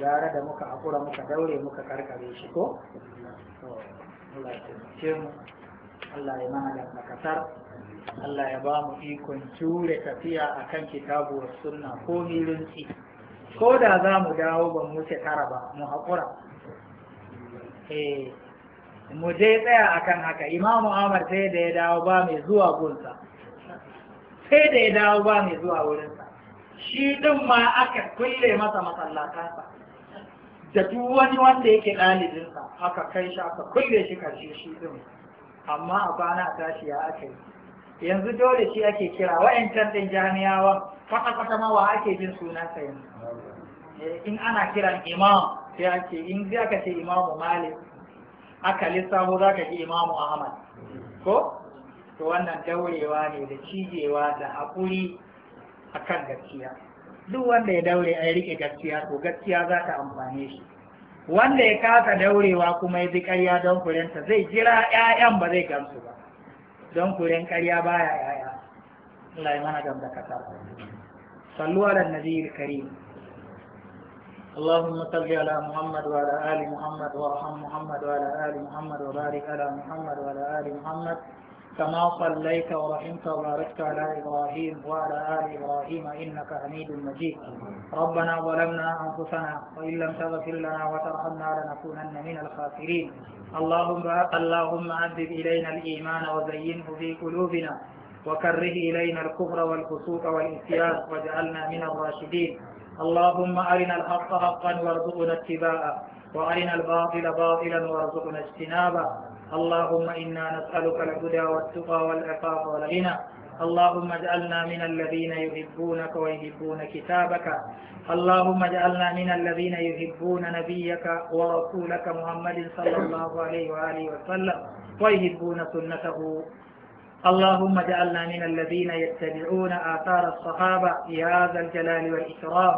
gara da muka haƙura muka daure muka karkare shi ko Allah ya taimake mu Allah ya mana da kasar Allah ya ba mu ikon jure tafiya kan kitabu wa sunna ko milinci ko da za mu dawo ban wuce tara ba mu haƙura eh mu je tsaya a kan haka imamu amar sai da ya dawo ba mai zuwa gunsa sai da ya dawo ba mai zuwa wurinsa shi ɗin ma aka kulle masa masallatansa da duk wani wanda yake ɗalibinsa aka kai shi aka kulle shi karshe shi ɗin amma a kwana a tashi ya aka yi yanzu dole shi ake kira wa'yancan ɗin jami'awa kwata-kwata ma wa ake bin sunansa yanzu eh, in ana kiran imam sai ake in za ka ce imamu malik aka lissafo za ka ji imamu ahmad ko to wannan daurewa ne da cijewa da haƙuri akan gaskiya duk wanda ya daure a rike gaskiya to gaskiya za ta amfane shi wanda ya kasa daurewa kuma ya ji ƙarya don kurenta zai jira 'ya'yan ba zai gamsu ba don kuren ƙarya baya ƴaƴa Allah ya mana gamda kasar sallu ala nabiyil karim اللهم صل على محمد وعلى آل محمد وارحم محمد وعلى آل محمد وبارك على محمد وعلى آل محمد كما صليت ورحمت وباركت على إبراهيم وعلى آل إبراهيم إنك حميد مجيد ربنا ظلمنا أنفسنا وإن لم تغفر لنا وترحمنا لنكونن من الخاسرين اللهم اللهم عذب إلينا الإيمان وزينه في قلوبنا وكره إلينا الكفر والفسوق والعصيان واجعلنا من الراشدين اللهم أرنا الحق حقا وارزقنا اتباعه وأرنا الباطل باطلا وارزقنا اجتنابه اللهم إنا نسألك الهدى والتقى والعفاف والغنى اللهم اجعلنا من الذين يحبونك ويحبون كتابك اللهم اجعلنا من الذين يحبون نبيك ورسولك محمد صلى الله عليه وآله وسلم ويحبون سنته اللهم اجعلنا من الذين يتبعون آثار الصحابة يا ذا الجلال والإكرام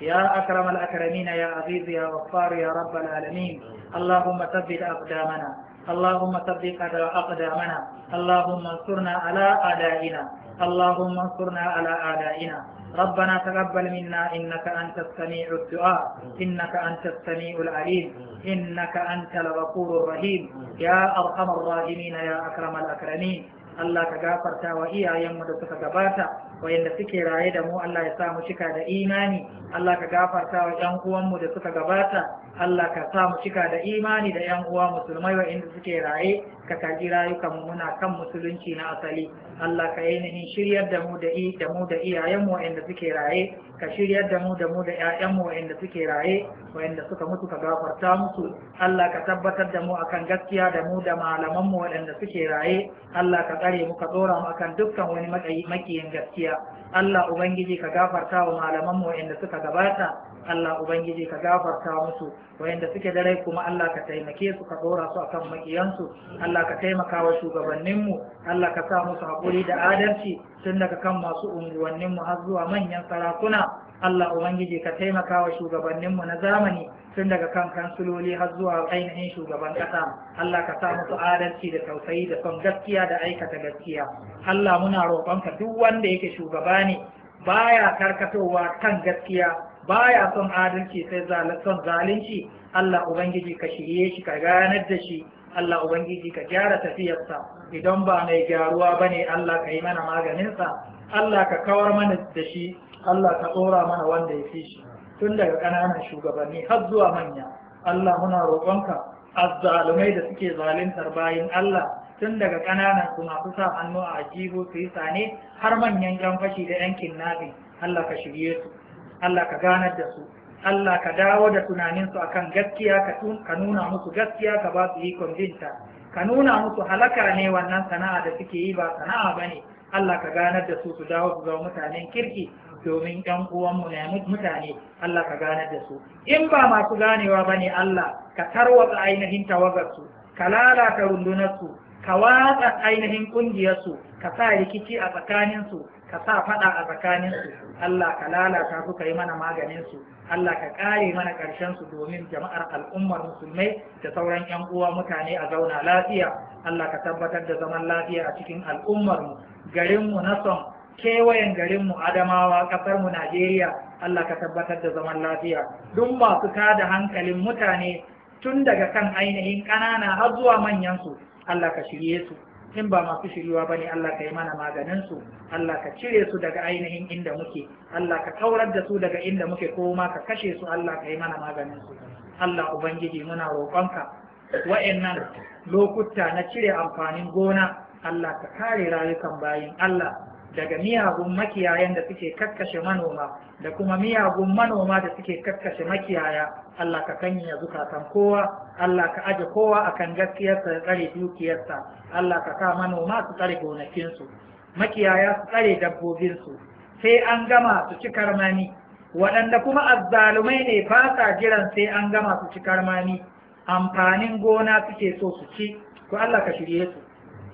يا أكرم الأكرمين يا عزيز يا غفار يا رب العالمين اللهم ثبت أقدامنا اللهم ثبت أقدامنا اللهم انصرنا على أعدائنا اللهم انصرنا على أعدائنا ربنا تقبل منا إنك أنت السميع الدعاء إنك أنت السميع العليم إنك أنت الغفور الرحيم يا أرحم الراحمين يا أكرم الأكرمين Allah ka gafarta wa iyayenmu da suka gabata wayanda suke raye da mu Allah ya sa mu cika da imani Allah ka gafarta wa ƴan uwanmu da suka gabata Allah ka sa mu cika da imani da yan uwa musulmai wa inda suke raye ka karbi rayukan mu muna kan musulunci na asali Allah ka ainihin shiryar da mu da i da mu da iyayen mu inda suke raye ka shiryar da mu da mu da ƴaƴan mu inda suke raye Wa inda suka mutu ka gafarta musu Allah ka tabbatar da mu akan gaskiya da mu da malaman mu inda suke raye Allah ka tsare mu ka tsora mu akan dukkan wani makiyin gaskiya Allah ubangiji ka gafarta wa malaman mu inda suka gabata Allah Ubangiji ka gafarta musu wayanda suke da rai kuma Allah ka taimake su ka dora su akan makiyansu Allah ka taimaka wa shugabanninmu Allah ka sa musu haƙuri da adalci tun daga kan masu unguwanninmu har zuwa manyan sarakuna Allah Ubangiji ka taimaka wa shugabanninmu na zamani tun daga kan kansuloli har zuwa ainihin shugaban ƙasa Allah ka sa musu adalci da tausayi da son gaskiya da aikata gaskiya Allah muna roƙonka duk wanda yake shugaba ne baya karkatowa kan gaskiya baya son adalci sai son zalunci Allah ubangiji ka shirye shi ka ganar da shi Allah ubangiji ka gyara tafiyarsa idan ba mai gyaruwa bane Allah ka yi mana maganinsa Allah ka kawar mana da shi Allah ka tsora mana wanda ya fi shi tun daga ƙananan shugabanni har zuwa manya Allah muna roƙonka azzalumai da suke zaluntar bayin Allah tun daga ƙananan su masu sa hannu a ajihu su yi sane har manyan yan fashi da yankin nabi Allah ka shirye su Allah ka ganar da su Allah ka dawo da tunaninsu kan gaskiya ka nuna musu gaskiya ka ba su yi kwambinta ka nuna musu halaka ne wannan sana'a da suke yi ba sana'a ba ne Allah ka ganar da su su dawo su zama mutanen kirki domin ɗan uwanmu ne mutane Allah ka ganar da su in ba masu ganewa ba ne Allah ka tarwatsa ainihin tawagarsu ka lalata rundunarsu ka watsa ainihin ƙungiyarsu ka sa rikici a tsakaninsu ka sa faɗa a tsakaninsu Allah ka lalata su ka yi mana maganinsu Allah ka ƙare mana su domin jama'ar al'ummar musulmai da sauran 'yan uwa mutane a zauna lafiya Allah ka tabbatar da zaman lafiya a cikin al'ummarmu garinmu na son kewayen garinmu adamawa ƙasarmu Najeriya Allah ka tabbatar da zaman lafiya duk masu kada hankalin mutane tun daga kan ainihin ƙanana har zuwa manyansu Allah ka shirye su in ba masu shiryuwa ne. Allah ka yi mana maganin su Allah ka cire su daga ainihin inda muke Allah ka kaurar da su daga inda muke ko ma ka kashe su Allah ka yi mana maganin su Allah ubangiji muna roƙonka wa'annan lokuta na cire amfanin gona Allah ka kare rayukan bayin Allah daga miyagun makiyayan da suke kakkashe manoma da kuma miyagun manoma da suke kakkashe makiyaya Allah ka kanya zukatan kowa Allah ka aje kowa akan gaskiyarsa da tsare dukiyarsa Allah ka sa manoma su tsare gonakinsu makiyaya su tsare dabbobinsu sai an gama su ci karmami waɗanda kuma azzalumai ne ba sa jiran sai an gama su ci karmami amfanin gona suke so su ci Ko Allah ka shirye su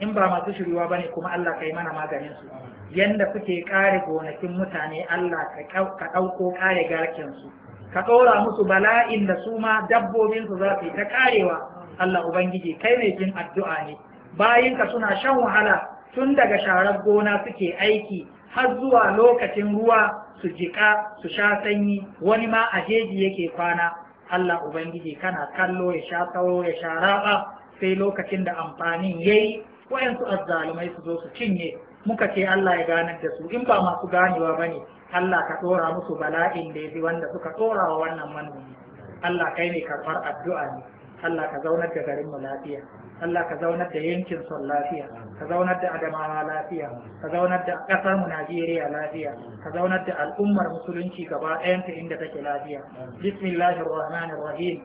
in ba masu shiriwa ba ne kuma Allah ka yi mana maganin su yanda kuke kare gonakin mutane Allah ka ɗauko kare garken su ka ɗora musu bala'in da su ma dabbobinsu su za su yi ta karewa Allah ubangiji kai mai jin addu'a ne bayan ka suna shan wahala tun daga sharar gona suke aiki har zuwa lokacin ruwa su jika su sha sanyi wani ma a jeji yake kwana Allah ubangiji kana kallo ya sha sauro ya sha raba sai lokacin da amfanin yayi wayansu azzalumai su zo su cinye muka ce Allah ya ganar da su in ba masu ganewa ba ne Allah ka tsora musu bala'in da ya fi wanda suka tsora wa wannan manomi Allah kai ne karɓar addu'a ne Allah ka zaunar da garinmu lafiya Allah ka zaunar da yankin son lafiya ka zaunar da adamawa lafiya ka zaunar da ƙasar mu Najeriya lafiya ka zaunar da al'ummar musulunci gaba ɗayanta inda take lafiya bismillahir rahmanir rahim